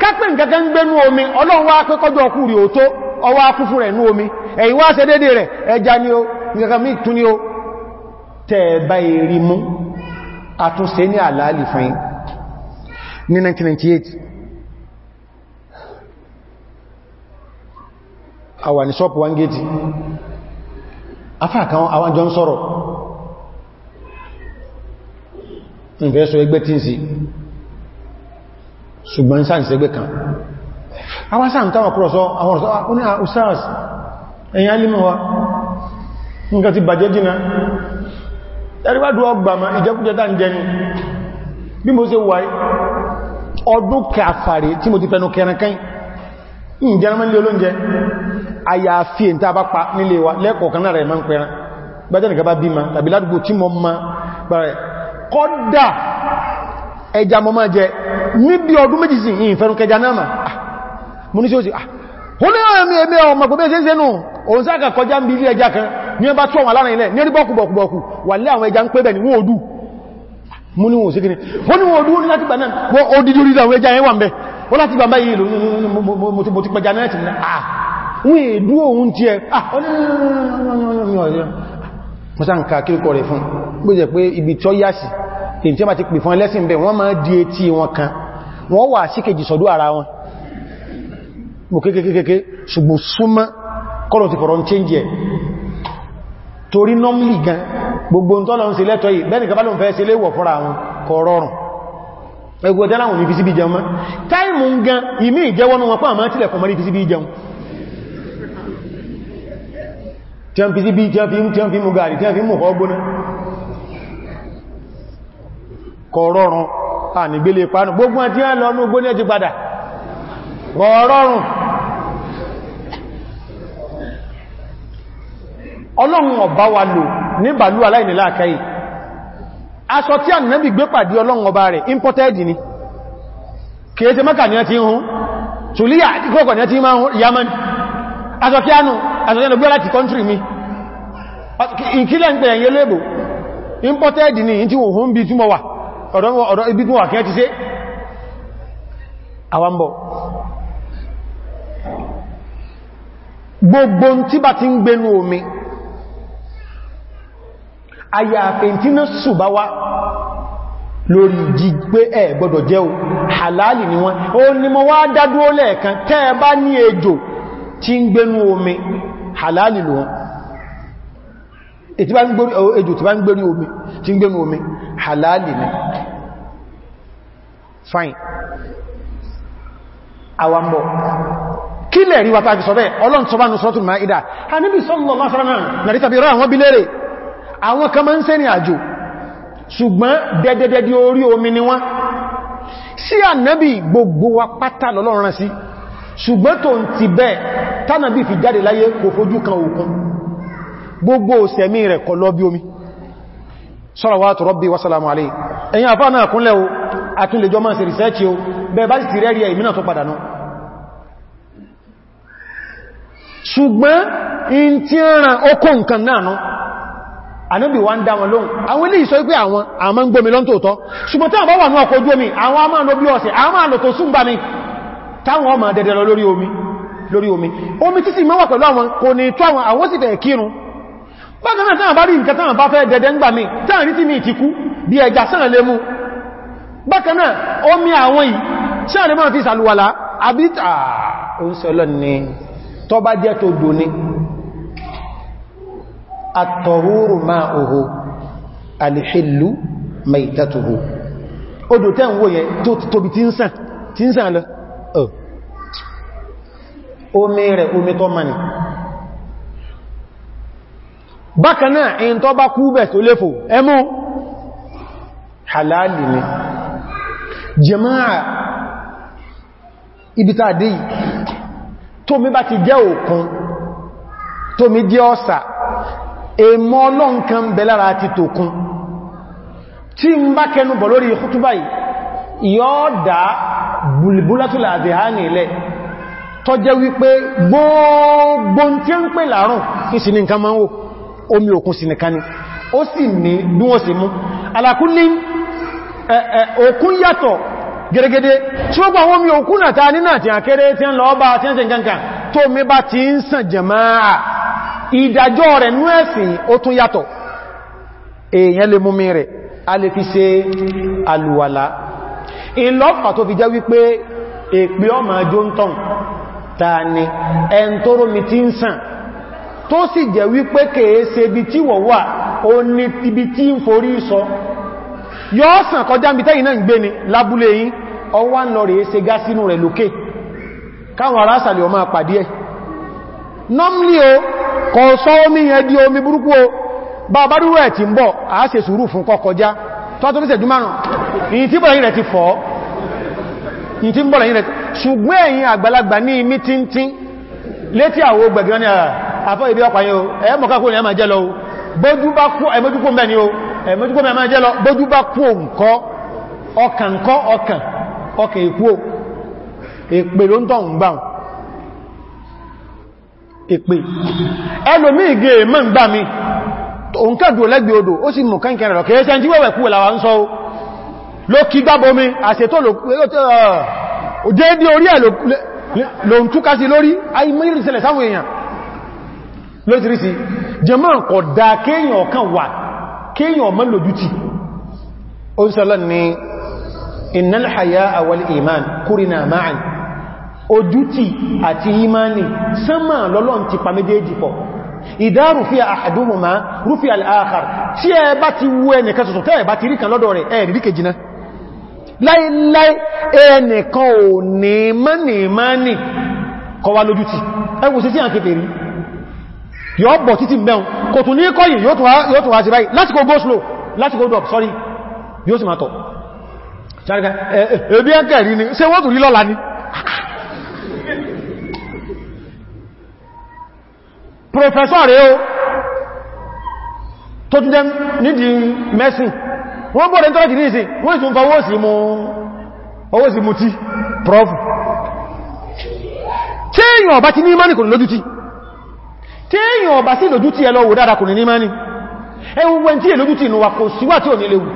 kápẹ́ nǹkankan gbénú omi ọlọ́run wá pé kọjọ ọkú rí òtó ọwá kú rẹ̀ nú omi ẹ̀yìn wá ṣe dédé rẹ̀ ẹja ni o mi tún ni o tẹ̀ẹ̀bá èrí mú àtúnṣe ní àlàálì fún ní 1998 jọ ṣùgbọ́n sáà ìṣẹ́gbẹ́ kan àwọn sáà ń táwọn kúrọ̀ sọ àwọn ọ̀rọ̀ sọ ah, ní àúsáàs ah, ẹ̀yìn alímọ̀wá nǹkan ti bàjẹ́ jìnà ẹ̀rìwádùú ọgbà ma ìjẹkújẹta ń jẹni bí mo ṣe wáyé ọdún kàfàrí tí mo ti fẹnu kẹrankan in jẹrẹmọ́ nílé olóúnjẹ àyàfi ẹ̀ tàbá pa nílé wa lẹ́kọ̀ọ̀kan náà rẹ̀ máa ń pẹran gbájẹ́ nìkan bá bí ma tàbí ládùgbò tí mo ma ẹja mọ́ máa jẹ níbi ọdún méjì sí ìyìn fẹ́rún kẹja náà mú ní sí ó sì ó ní nze nụ ọmọ pẹ̀lú ṣe ń òun sáàkà kọjá ń bí ilé ẹja kan ní ẹbá tó wọn lára ilẹ̀ ní wà ní àwọn ẹja tí tí ó bá ti pè fún ẹlẹ́sìn bẹ̀ wọ́n máa di etí wọn kan wọ́n wà sí kejì sọ́dọ̀ ara wọn mú kékékékéké ṣùgbọ́n súnmọ́ kọ́rọ̀ ti fọ̀rọ̀ ń change ẹ̀ torí normally gan gbogbo ń tọ́lọ ń ṣe lẹ́tọ́ yìí bẹ́ẹ̀ nìkan bá ló ń fẹ́ ṣe léwọ̀ fúnra wọn kò rọrùn ẹgbẹ́ ọjọ́ láwọn ìfisí bí jẹun mọ́ táìmù ń gan ìmí ìjẹ́wọ́nú wọn kọ̀rọ̀rùn ànígbélé pánù gbogbo ẹ̀tí ẹ̀ lọ ní ogbó padà rọ̀rọ̀rùn ọlọ́run ọba wa lò ní bàlú aláìníláàkáyì aṣọ tí ànábì gbé pàdé ọlọ́run ọba rẹ̀ imported ni kèéte mẹ́kà ní ẹ̀tí hun tùlíyà ní yamani aṣọ kí aṣọ gbé láti country mi ìkílẹ̀ ń imported ni ìtí òhun bí túnmọ̀ wà ọ̀dọ́ ibikun wà kí ẹ ti ṣe àwambọ̀ gbogbo tí bá ti ń gbénú omi àyà àfẹ́ntínà ṣùgbá wá lórí ẹ gbọdọ̀ jẹ́ o halali ni wọ́n o ni mo wá dádúró lẹ́ẹ̀kan tẹ́ẹ̀ bá ní ejò tí ń gbénú omi halali lòun ètí bá ń gbórí ejò tí bá ń gbórí omi tí ń gbémi omi halali ni fine awambo kí lẹ̀ rí wata fi sọ bẹ́ẹ̀ ọlọ́n tó bá ní sọ́tún máa ìdá ha níbi sọ́lọ̀ máa fara náà nàrí tàbí rá àwọn bilére àwọn kan máa ń sẹ́ni àjò ṣùgbọ́n dẹ́dẹ́dẹ́dẹ́ orí omi ni wọ́n sí ànábì gbogbo òsẹ̀mí rẹ̀ kọ lọ bí omi salawatu rabbi wa salamu alayhi ẹ̀yìn àfá náà kúnlẹ̀ o àtúnlẹ̀jọ́ máa ṣe rìsẹ́ẹ̀kì o bẹ́ẹ̀ bá sì ti rẹ́rí ẹ̀mí náà tó padà náà ṣùgbọ́n in tí ń ran okó nǹkan náà náà ànábì wá ń dá wọn lóhùn àwọn ilé ìsọ pé àwọn àmọ́ ń gbómi lọ́ntòótọ́ ṣùgbọ́n tí àwọn bá wà ní ọkọ̀ ojú omi àwọn a omi lórí omi omi títí mọ́wà pẹ̀lú àwọn kò ní tó àwọn àwọn sì fẹ̀ bákanáà tán bá rí nǹkan tán bá fẹ́ dẹ̀dẹ̀ ń gbà mí tán rí tí mi ti kú bí ẹja sáà lè mú bákanáà omi àwọn yìí sáà lè máa fi sàlùwàlá àbítà oúnṣẹ́lọ ni tó bá jẹ́ tó dò ní àtọ̀húrù máa òhò alìhìlú maitatuhu odò tẹ́ ń wò yẹn tó tóbi tí ń sàn omi rẹ̀ omi tó mani bákanáà in tó bá kú bẹ̀ tó léfò ẹmú halali ni jẹmáà ibi tàà dé tó mi bá ti jẹ́ òkun tó mi jẹ́ ọ̀sà èmọ́ ọlọ́nkan bẹ ti tòkun tí ń bá kẹnu bọ̀ lórí ìkútúbà yóò dá bùlìbúlátùlà àdìhánì ilẹ̀ tó jẹ́ wípé gbogbo tí ń pè láàrùn ìsìnì nǹkan máa ń wò omi òkun sí nìkan ni ó sì ní bí wọ́n sì mú alákúnlé òkun yàtọ̀ gẹ́gẹ́gẹ́ tí ó gbà wọ́n mi òkun àtà nínà àti àkẹ́rẹ́ tí ń lọ ọba tí ń ṣe nǹkan tó mi bá ti ń sàn jẹ̀máà ìdájọ́ rẹ̀ nú ẹ̀sìn ó tún yàtọ̀ èèyàn tó sì jẹ́ wípé kèése ibi tí wọ́n wà o ní ibi tí ń forí sọ yóò sàn kọjá ibi tẹ́yìn náà ń gbé ni lábúlé yìí ọwá ń lọ rèé se gá sínú rẹ̀ lókè káwọn ará sàlẹ̀ ọmọ àpàdé ẹ̀ o sọ omi yẹn di omi burúkú o bá ẹ̀ ti ń bọ̀ a ṣe sùúrù fún tọ́tọ́ àfọ́ ibi ọpa yóò ẹ̀yẹ́ mọ̀ká kó ní ẹmà jẹ́ lọ bójú bá kú ẹmójúkó mẹ́ni o ẹmójúkó mẹ́mà jẹ́ lọ bójú bá kú ọkàn kọ́ ọkàn ọkàn èkú o èpè ló ń tọ́ ń gbà èpè ẹlòmí ìgé e mọ́ ń gbà mi òǹkà dùn lẹ́gbẹ̀ odò ó sì mọ̀ká ìkẹrẹ lọ kìí sẹ́ntí wẹ́wẹ́ kú làwà ń sọ ló kí gbábo mi àṣètò lò déédé orí ẹ̀ lò lótìrísí jẹmọ́ kọ̀ dá kéèyàn kan wà kéèyàn mọ́ lójútì ó ń sọ́lọ́ ni innal hayaa wal iman kúrìnà ma'an ojútì àti imani sánmà lọ́lọ́n ti pa méjèèjì pọ̀ ìdá rúfí àhàdúnmùmá rúfí al'áhàr tí ẹ bá ti wú ẹnìkan tuntun tẹ́ ẹ bá ti rí kan lọ́dọ̀ rẹ̀ ẹ̀rì rí kejì náà láíláí ẹnìkan ò ní mọ́ ní mọ́ ní kọwa lójútì ẹgbùsí sí àkẹfẹ̀ rí yóò bọ̀ títí mẹ́un kò tún ní kọ́yìn yóò tún wá sí báyìí láti kò go slow láti kò drop sorry yóò sì máa tọ̀ ṣàríkà ẹ̀bí ẹ̀kẹ́ rí ni ṣe wọ́n tún rí lọ́la ní professor rẹ̀ o tó tún jẹ́ nídi mẹ́sìn wọ́n bọ́ọ̀dẹ̀ tó rẹ̀ jìdí ìsìn wọ́n ìtún fa owó sí mú tí prof tí èyàn ọ̀bá ti ní ìmánìkò lójú téèyàn ọba sí lójú tí ẹlọ́wò dára kò ní ní máa ní ẹwùwẹ́ tí èlójú tí ìnúwà kò síwà tí ò ní léwu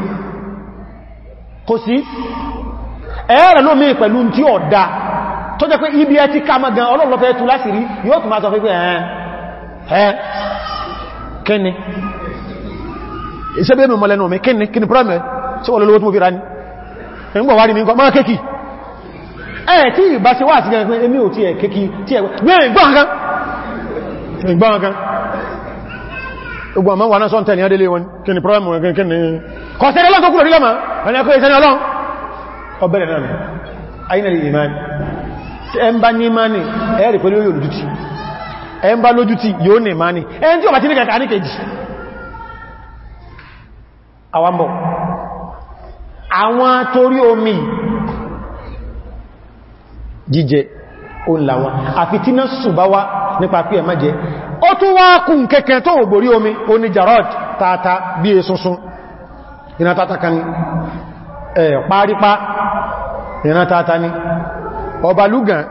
kò sí ẹ̀ẹ́rẹ̀ ló mí pẹ̀lú tí ó dá tó jẹ́ pé ibi ẹ ti ká mọ́ gan ọlọ́lọ́fẹ́ tú láti rí yóò tún máa sọ pé ẹ̀ẹ́ kíni iṣẹ́ bí mi mọ́lẹ́nu mi kíni tí wọ́n kéèkì tí ẹ̀ kéèkì ìgbọ́n kan gbogbo àmọ́ wà náà sọ tẹ̀lé adélé wọn kí ni problem wọn kí ni kọ̀ sí ẹlọ́n tó kúrò nílọ́mà ẹni ẹkọ́ ìsẹ́ni ọlọ́n ọbẹ̀rẹ̀ náà ayínàlì ìmáni tí ẹ ń bá ní ìmáni ẹ̀rì pẹ̀lú yóò lójútì jíjẹ ó làwọn àfi tí náà ṣùgbá wá nípa pí ẹ̀má jẹ́ ó tún wá kùn kẹ́kẹ́ tó ò borí omi ó ní jarod tata bí i sunsun iná tata kan ẹ̀ párípá iná tata ni ọba lúgàn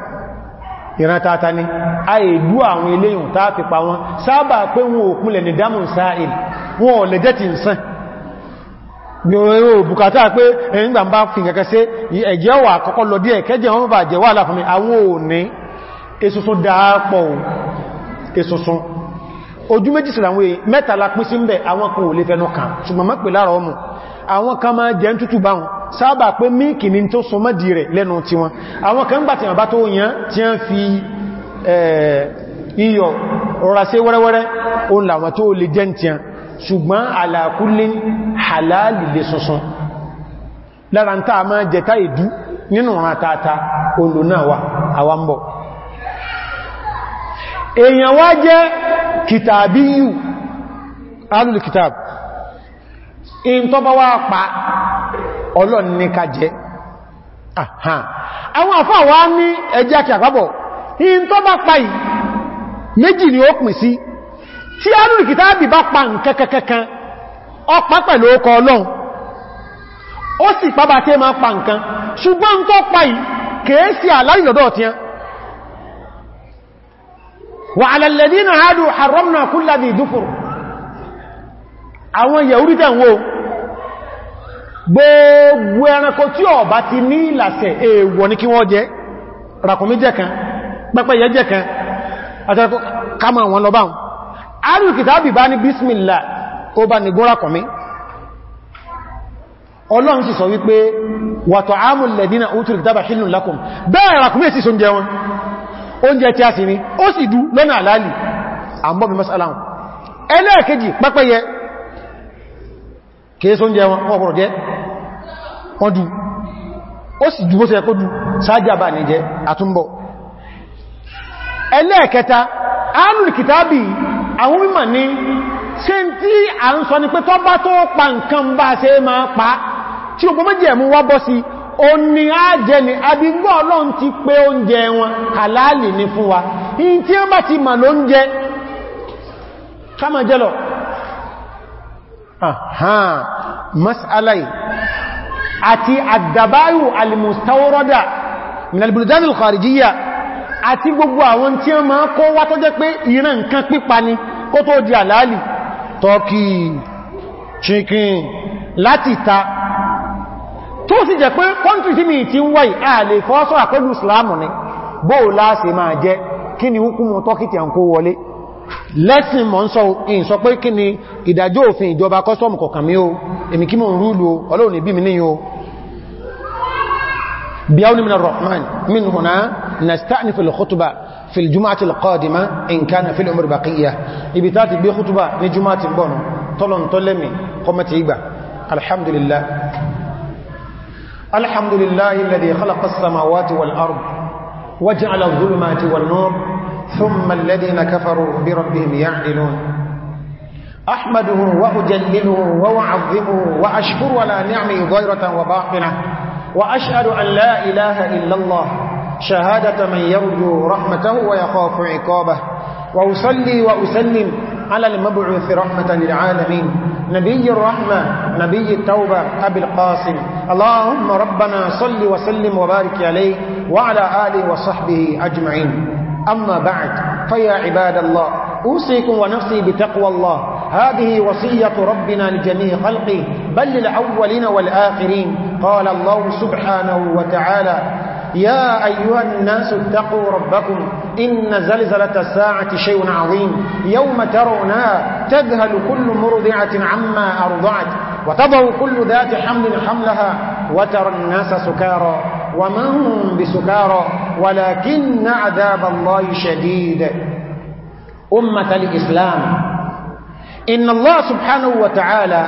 iná tata ni a èdú àwọn eléyìn tààfi pa wọn sábà pé wọn ò kúnlẹ̀ ní dámùn sáà yóò bukata pé ẹ̀yìn gbà ń bá fi kẹ́kẹ́ sí ẹ̀jẹ́ wà kọ́kọ́ lọ díẹ̀ kẹ́jẹ́ wọn bà jẹ́ wà láfún mi àwọn òní esusun dáápọ̀ esusun ojú méjì sí àwọn mẹ́tàlá pín sí mẹ́ àwọn kan ò lè fẹ́nu kan ṣùgbọ́n mọ́ pè lára ọmọ àwọn kan máa jẹ́ tútù bá wọn ṣùgbọ́n àlàkúlé halali lè sọ́sán lára ń tàà máa jẹta ìdú nínú ọ̀rán tààtà olù náà wà àwambọ̀ èèyàn wá jẹ́ kìtàbí yù alùlù pa àwọn àfáà wá ní ẹjẹ́ àkì in tó bá pa ni ó sí tí alùrù kìtàbì bá pa nkankankan ọpa pẹ̀lú ọkọ̀ ọlọ́run ó sì pàbà tí ma pa nkan ṣùgbọ́n tó pa yìí kèèsì àlárìlọ́dọ̀ tí wà alàlẹ̀dínà hádù haramna àwọn yẹ̀úrí tẹ̀wọ́ gbogbo ẹranko tí ó ni kan alùkìtàbì bá ní bísmìlá ó bá ní gúnra kọ̀mí ọlọ́run sì sọ wípé wàtọ̀ ámùlẹ̀dínà òtù ìtàbà hìlùn lákùn bẹ́ẹ̀ ràkùnmí sí sóúnjẹ wọn oúnjẹ tí a sì ní ó sì dú lọ́nà àlálì àmọ́bí masáláhùn ẹlẹ́ẹ̀kejì pẹ́pẹ́yẹ kìí sóúnjẹ wọn wọ́n bọ̀rọ̀ jẹ́ wọ́n dú ó sì dú ó ẹlẹ́ẹ̀kẹta ánùlùkìtàbì àwọn mímọ̀ ní ṣe ń tí a ń sọ ni pé tọ́ bá tó pa nǹkan bá ṣe máa pa tí ogun méjì ẹ̀mú wá bọ́ sí o ní á jẹ ni abigbọ́ ọlọ́run ti pé oúnjẹ wọn halali ni fún wa in tí wọ́n bá ti mà ló ń jẹ kama jẹ́lọ masalai àti al-kharijiyya àti gbogbo àwọn tí ó máa kó wá tó jẹ́ pé ìran nǹkan pípa ni kó tó di àlàálì tọ́kì chicken láti ta tó sì jẹ́ pé kọ́ntì tí mi ti ń wáyì a lè fọ́sọ́ àpẹ́lú islamu ni bóò láàṣẹ máa jẹ kí ni hukumu tọ́kì tí a ń kó wọlé lẹ́sìn mọ́ ń sọ in sọ pé kí ni ìdájọ́ òfin ìjọba kọ́sọ́mù kọ̀kan mi o èmi kí mọ̀ ń rúlu ọlọ́run ìbí mi níyàn نستأنف الخطبة في الجمعة القادمة إن كان في العمر بقية إبتاتي بخطبة لجمعة نجمعة بونو طلن طلمي قمة إبا الحمد لله الحمد لله الذي خلق السماوات والأرض وجعل الظلمات والنور ثم الذين كفروا بربهم يعدلون أحمده وأجلله وأعظمه وأشكر على نعمه ضيرة وباطنة وأشهد أن لا إله إلا الله شهادة من يرجو رحمته ويخاف عقابه وأصلي وأسلم على المبعوث رحمة للعالمين نبي الرحمة نبي التوبة أبي القاسم اللهم ربنا صل وسلم وبارك عليه وعلى آله وصحبه أجمعين أما بعد فيا عباد الله أوصيكم ونفسي بتقوى الله هذه وصية ربنا لجميع خلقه بل للأولين والآخرين قال الله سبحانه وتعالى يا أيها الناس اتقوا ربكم إن زلزلة الساعة شيء عظيم يوم ترونها تذهل كل مرضعة عما أرضعت وتضع كل ذات حمل حملها وترى الناس سكارى وما هم بسكارى ولكن عذاب الله شديد أمة الإسلام إن الله سبحانه وتعالى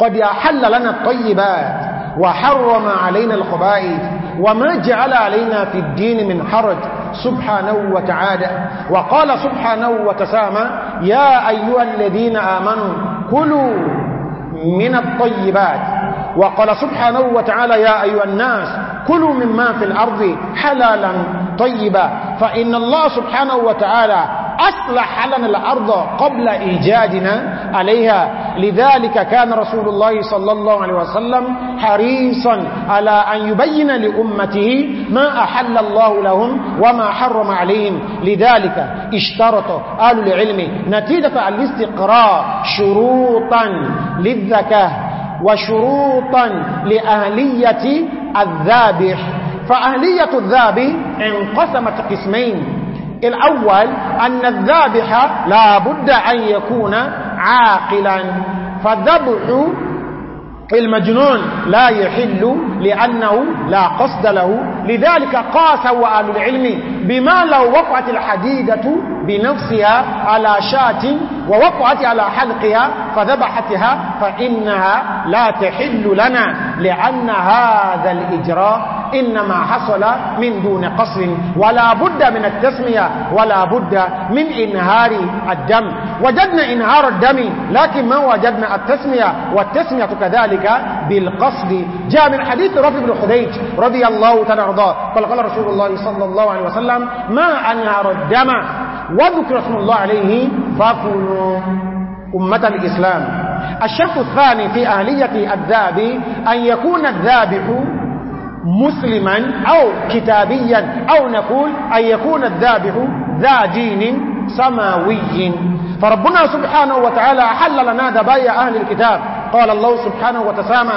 قد أحل لنا الطيبات وحرم علينا الخبائث وما جعل علينا في الدين من حرج سبحانه وتعالى وقال سبحانه وتسامى يا أيها الذين آمنوا كلوا من الطيبات وقال سبحانه وتعالى يا أيها الناس كلوا مما في الأرض حلالا طيبا فإن الله سبحانه وتعالى أصلح لنا الأرض قبل إيجادنا عليها لذلك كان رسول الله صلى الله عليه وسلم حريصا على أن يبين لأمته ما أحل الله لهم وما حرم عليهم لذلك اشترط آل العلم نتيجة الاستقراء شروطا للذكاء وشروطا لأهلية الذابح فأهلية الذابح انقسمت قسمين الأول أن الذابح لا بد أن يكون عاقلا فالذبح المجنون لا يحل لأنه لا قصد له لذلك قاسوا أهل العلم بما لو وقعت الحديدة بنفسها على شاة ووقعت على حلقها فذبحتها فإنها لا تحل لنا لأن هذا الإجراء إنما حصل من دون قصر ولا بد من التسمية ولا بد من إنهار الدم وجدنا إنهار الدم لكن ما وجدنا التسمية والتسمية كذلك بالقصد جاء من حديث حديث رفي بن خديج رضي الله تعالى ارضاه قال قال رسول الله صلى الله عليه وسلم ما أنهر الدم وذكر اسم الله عليه فكلوا أمة الإسلام الشرط الثاني في أهلية الذاب أن يكون الذاب مسلما أو كتابيا أو نقول أن يكون الذاب ذا دين سماوي فربنا سبحانه وتعالى حل لنا ذبايا أهل الكتاب قال الله سبحانه وتسامى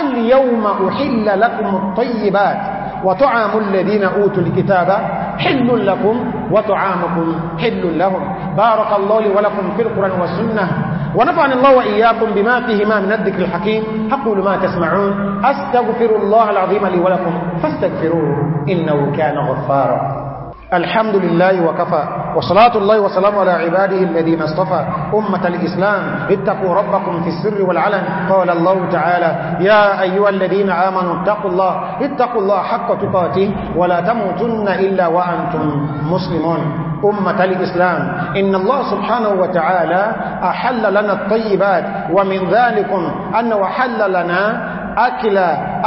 اليوم أحل لكم الطيبات وطعام الذين أوتوا الكتاب حل لكم وطعامكم حل لهم بارك الله لي ولكم في القرآن والسنة ونفعني الله وإياكم بما فيهما من الذكر الحكيم أقول ما تسمعون أستغفر الله العظيم لي ولكم فاستغفروه إنه كان غفارا الحمد لله وكفى وصلاة الله وسلام على عباده الذين اصطفى أمة الإسلام اتقوا ربكم في السر والعلن قال الله تعالى يا أيها الذين آمنوا اتقوا الله اتقوا الله حق تقاته ولا تموتن إلا وأنتم مسلمون أمة الإسلام إن الله سبحانه وتعالى أحل لنا الطيبات ومن ذلك أنه أحل لنا أكل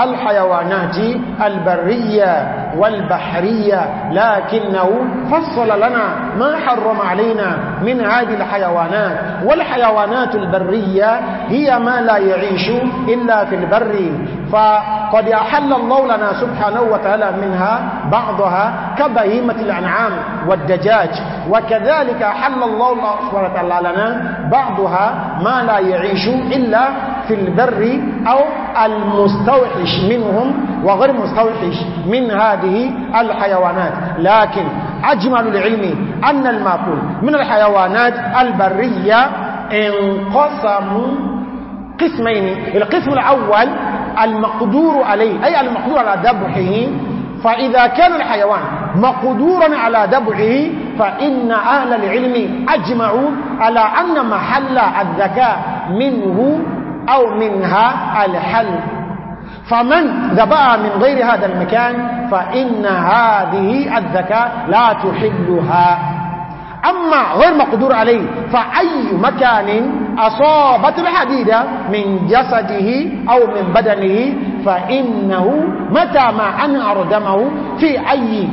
الحيوانات البرية والبحرية لكنه فصل لنا ما حرم علينا من هذه الحيوانات والحيوانات البرية هي ما لا يعيش إلا في البر فقد أحل الله لنا سبحانه وتعالى منها بعضها كبهيمة الأنعام والدجاج وكذلك أحل الله سبحانه وتعالى لنا بعضها ما لا يعيش إلا في البر أو المستوحش منهم وغير مستوحش من هذه الحيوانات لكن أجمل العلم أن المأكول من الحيوانات البرية انقسم قسمين القسم الأول المقدور عليه أي المقدور على ذبحه فإذا كان الحيوان مقدورا على ذبحه فإن أهل العلم أجمعوا على أن محل الذكاء منه أو منها الحلق فمن ذبح من غير هذا المكان فإن هذه الذكاء لا تحلها أما غير مقدور عليه فأي مكان أصابت الحديدة من جسده أو من بدنه فإنه متى ما أنهر دمه في أي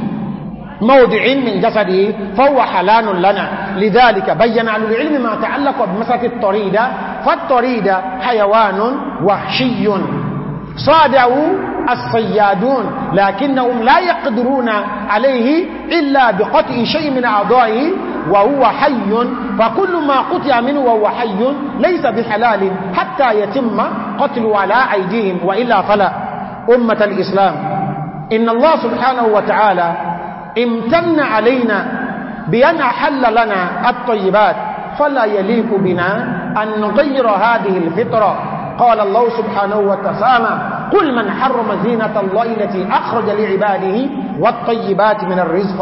موضع من جسده فهو حلال لنا لذلك بين على العلم ما تعلق بمسألة الطريدة فالطريدة حيوان وحشي صادعوا الصيادون لكنهم لا يقدرون عليه إلا بقطع شيء من أعضائه وهو حي فكل ما قطع منه وهو حي ليس بحلال حتى يتم قتله على أيديهم وإلا فلا أمة الإسلام إن الله سبحانه وتعالى امتن علينا بأن أحل لنا الطيبات فلا يليق بنا أن نغير هذه الفطرة قال الله سبحانه وتعالى قل من حرم زينة الله التي أخرج لعباده والطيبات من الرزق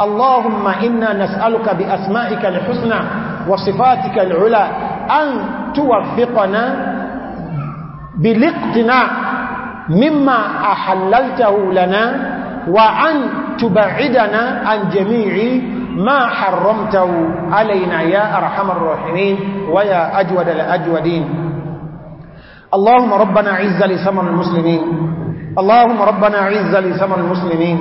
اللهم إنا نسألك بأسمائك الحسنى وصفاتك العلى أن توفقنا بالاقتناع مما أحللته لنا وأن تبعدنا عن جميع ما حرمته علينا يا أرحم الراحمين ويا أجود الأجودين اللهم ربنا عز لسمن المسلمين اللهم ربنا عز لسمن المسلمين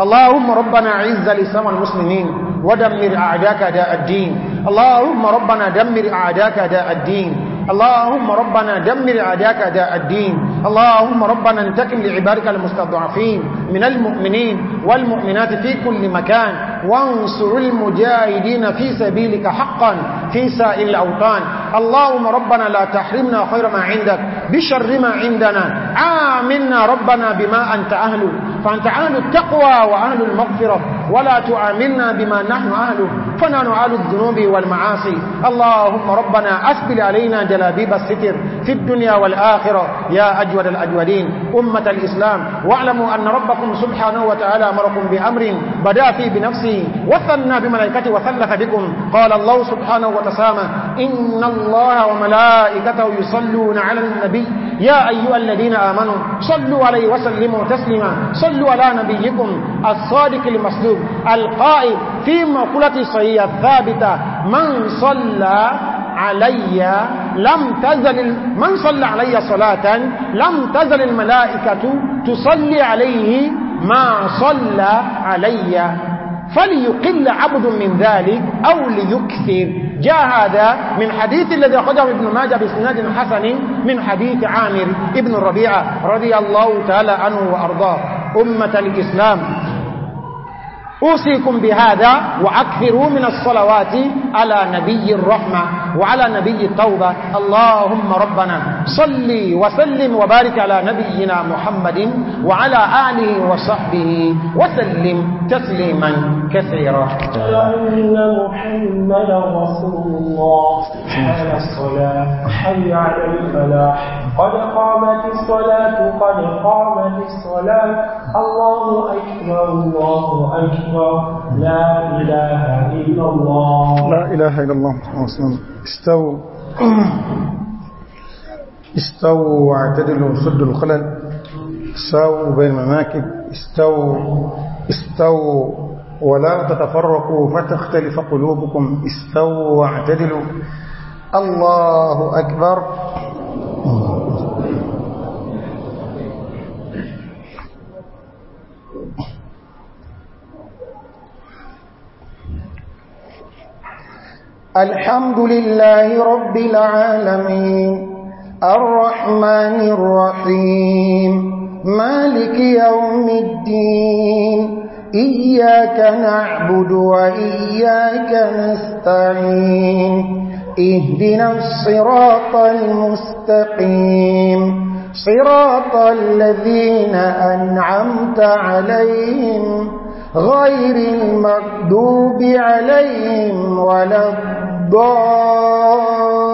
اللهم ربنا عز لسمن المسلمين ودمر أعداك داء الدين اللهم ربنا دمر أعداك داء الدين اللهم ربنا دمر عداك داء الدين اللهم ربنا انتكم لعبارك المستضعفين من المؤمنين والمؤمنات في كل مكان وانصر المجاهدين في سبيلك حقا في سائر الأوطان اللهم ربنا لا تحرمنا خير ما عندك بشر ما عندنا آمنا ربنا بما أنت أهله فأنت أهل التقوى وأهل المغفرة ولا تعاملنا بما نحن أهله فنحن أهل الذنوب والمعاصي اللهم ربنا أسبل علينا جلابيب الستر في الدنيا والآخرة يا أجود الأجودين أمة الإسلام واعلموا أن ربكم سبحانه وتعالى أمركم بأمر بدأ فيه بنفسه ربي وثنى بملائكته وثلث بكم قال الله سبحانه وتسامى إن الله وملائكته يصلون على النبي يا أيها الذين آمنوا صلوا عليه وسلموا تسلما صلوا على نبيكم الصادق المسلوب القائل في مقولة صحية الثابتة من صلى علي لم تزل من صلى علي صلاة لم تزل الملائكة تصلي عليه ما صلى علي فليقل عبد من ذلك أو ليكثر جاء هذا من حديث الذي أخرجه ابن ماجه بسناد حسن من حديث عامر ابن الربيعة رضي الله تعالى عنه وأرضاه أمة الإسلام أوصيكم بهذا وأكثروا من الصلوات على نبي الرحمة وعلى نبي التوبة اللهم ربنا صلي وسلم وبارك على نبينا محمد وعلى آله وصحبه وسلم تسليما كثيرا إن محمد رسول الله حال الصلاة حي على الفلاح قد قامت الصلاة قد قامت الصلاة الله أكبر الله أكبر لا إله إلا الله لا إله إلا الله استووا استووا واعتدلوا سدوا الخلل ساووا بين المناكب استووا استووا ولا تتفرقوا فتختلف قلوبكم استووا واعتدلوا الله أكبر الحمد لله رب العالمين الرحمن الرحيم مالك يوم الدين إياك نعبد وإياك نستعين اهدنا الصراط المستقيم صراط الذين أنعمت عليهم غير المكذوب عليهم ولا الضالين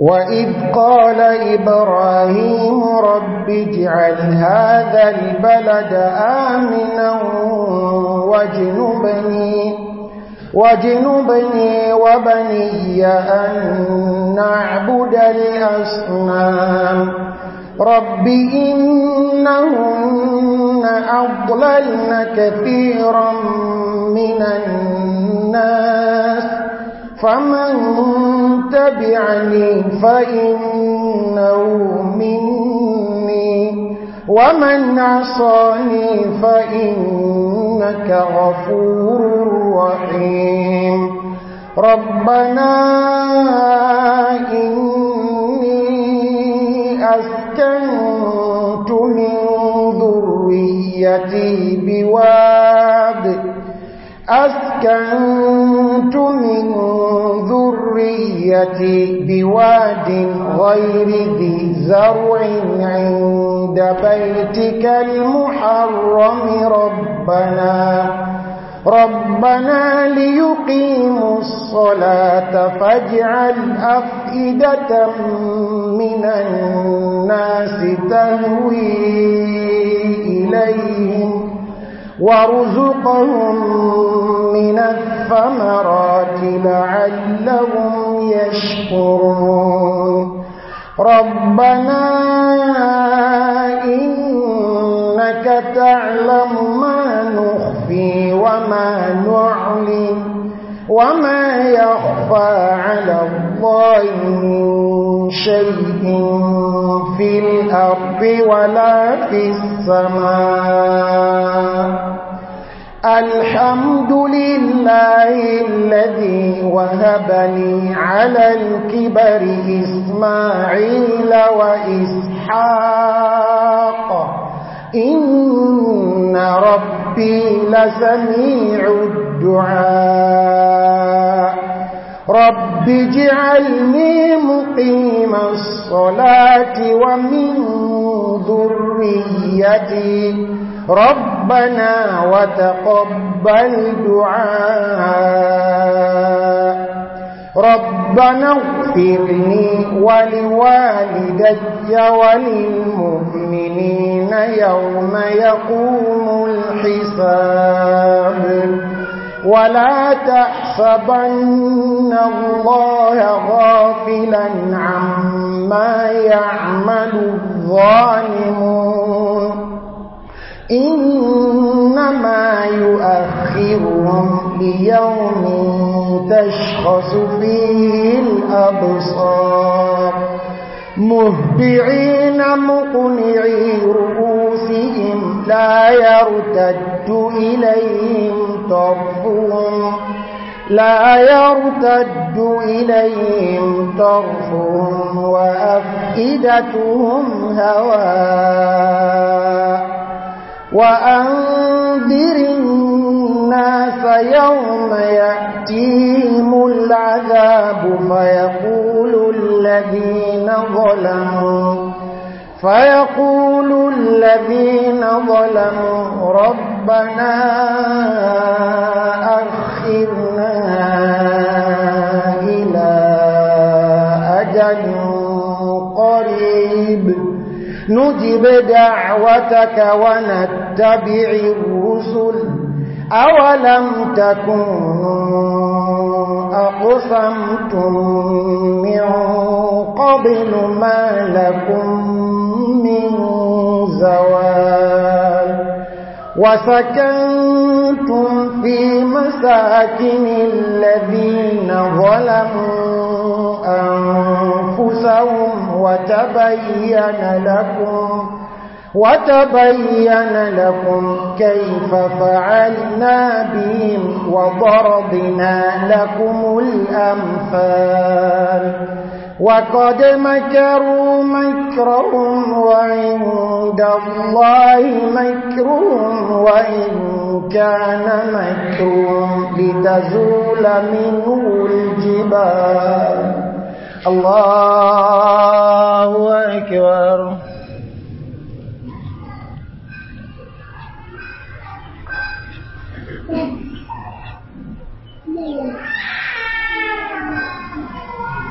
وَإِذْ قَالَ إِبْرَاهِيمُ رَبِّ اجْعَلْ هَذَا الْبَلَدَ آمِنًا وَاجْنُبْنِي وَاجْنُبْنِي وَبَنِي أَن نَّعْبُدَ الْأَصْنَامَ رَبِّ إِنَّهُنَّ أَضْلَلْنَ كَثِيرًا مِّنَ النَّاسِ فمن تبعني فإنه مني ومن عصاني فإنك غفور رحيم ربنا إني أسكنت من ذريتي بواد أسكنت من ذريتي بواد غير ذي زرع عند بيتك المحرم ربنا ربنا ليقيموا الصلاة فاجعل أفئدة من الناس تهوي إليهم وارزقهم من الثمرات لعلهم يشكرون ربنا إنك تعلم ما نخفي وما نعلم وما يخفى على الله من شيء في الأرض ولا في السماء الحمد لله الذي وهب لي على الكبر إسماعيل وإسحاق إن ربي لسميع الدعاء رب اجعلني مقيم الصلاة ومن ذريتي ربنا وتقبل دعاء ربنا اغفر لي ولوالدي وللمؤمنين يوم يقوم الحساب ولا تحسبن الله غافلا عما يعمل الظالمون إنما يؤخرهم ليوم تشخص فيه الأبصار مهبعين مقنعي رؤوسهم لا يرتد إليهم طرفهم لا يرتد إليهم طرفهم وأفئدتهم هواء وأنذر الناس يوم يأتيهم العذاب فيقول الذين ظلموا فيقول الذين ظلموا ربنا أخرنا إلى أجل قريب نجب دعوتك ونتبع الرسل أولم تكونوا أقسمتم من قبل ما لكم من زوال وسكنتم في مساكن الذين ظلموا أنفسهم وتبين لكم وتبين لكم كيف فعلنا بهم وضربنا لكم الأمثال وقد مكروا مكرهم وعند الله مكرهم وإن كان مكرهم لتزول منه الجبال الله أكبر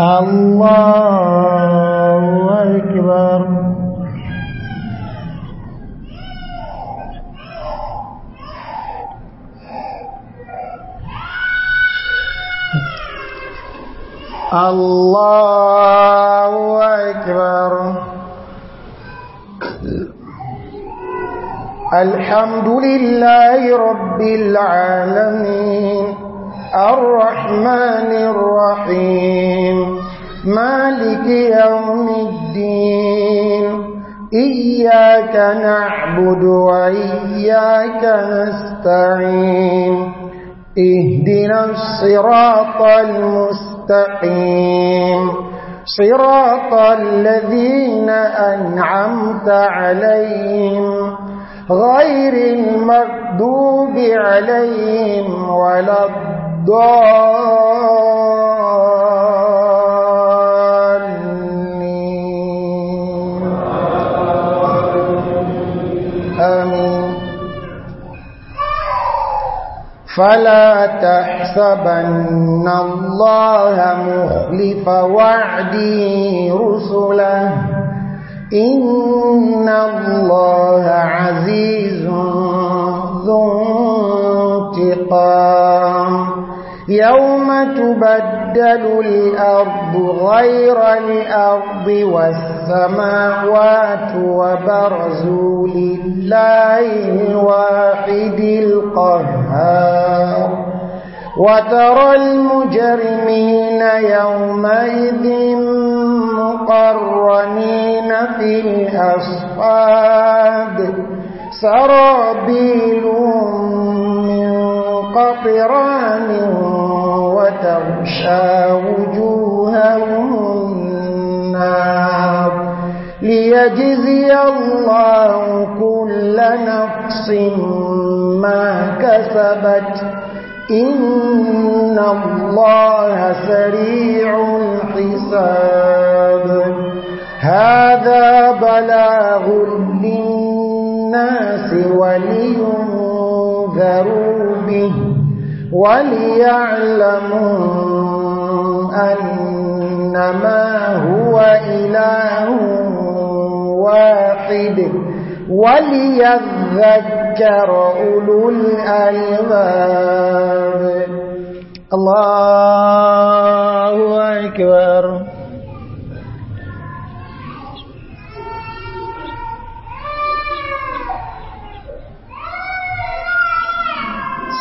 الله أكبر الله أكبر الحمد لله رب العالمين الرحمن الرحيم مالك يوم الدين إياك نعبد وإياك نستعين اهدنا الصراط المستقيم صراط الذين أنعمت عليهم غير المكذوب عليهم ولا آمين فلا تحسبن الله مخلف وعدي رسله إن الله عزيز ذو انتقام يوم تبدل الأرض غير الأرض والسماوات وبرزوا لله الواحد القهار وترى المجرمين يومئذ مقرنين في الأصحاب سرابيل من قطران تغشى وجوههم النار ليجزي الله كل نفس ما كسبت إن الله سريع الحساب هذا بلاغ للناس ولي وليعلموا أنما هو إله واحد وليذكر أولو الألباب الله أكبر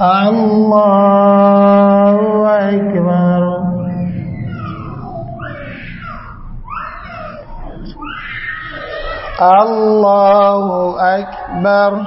الله أكبر الله أكبر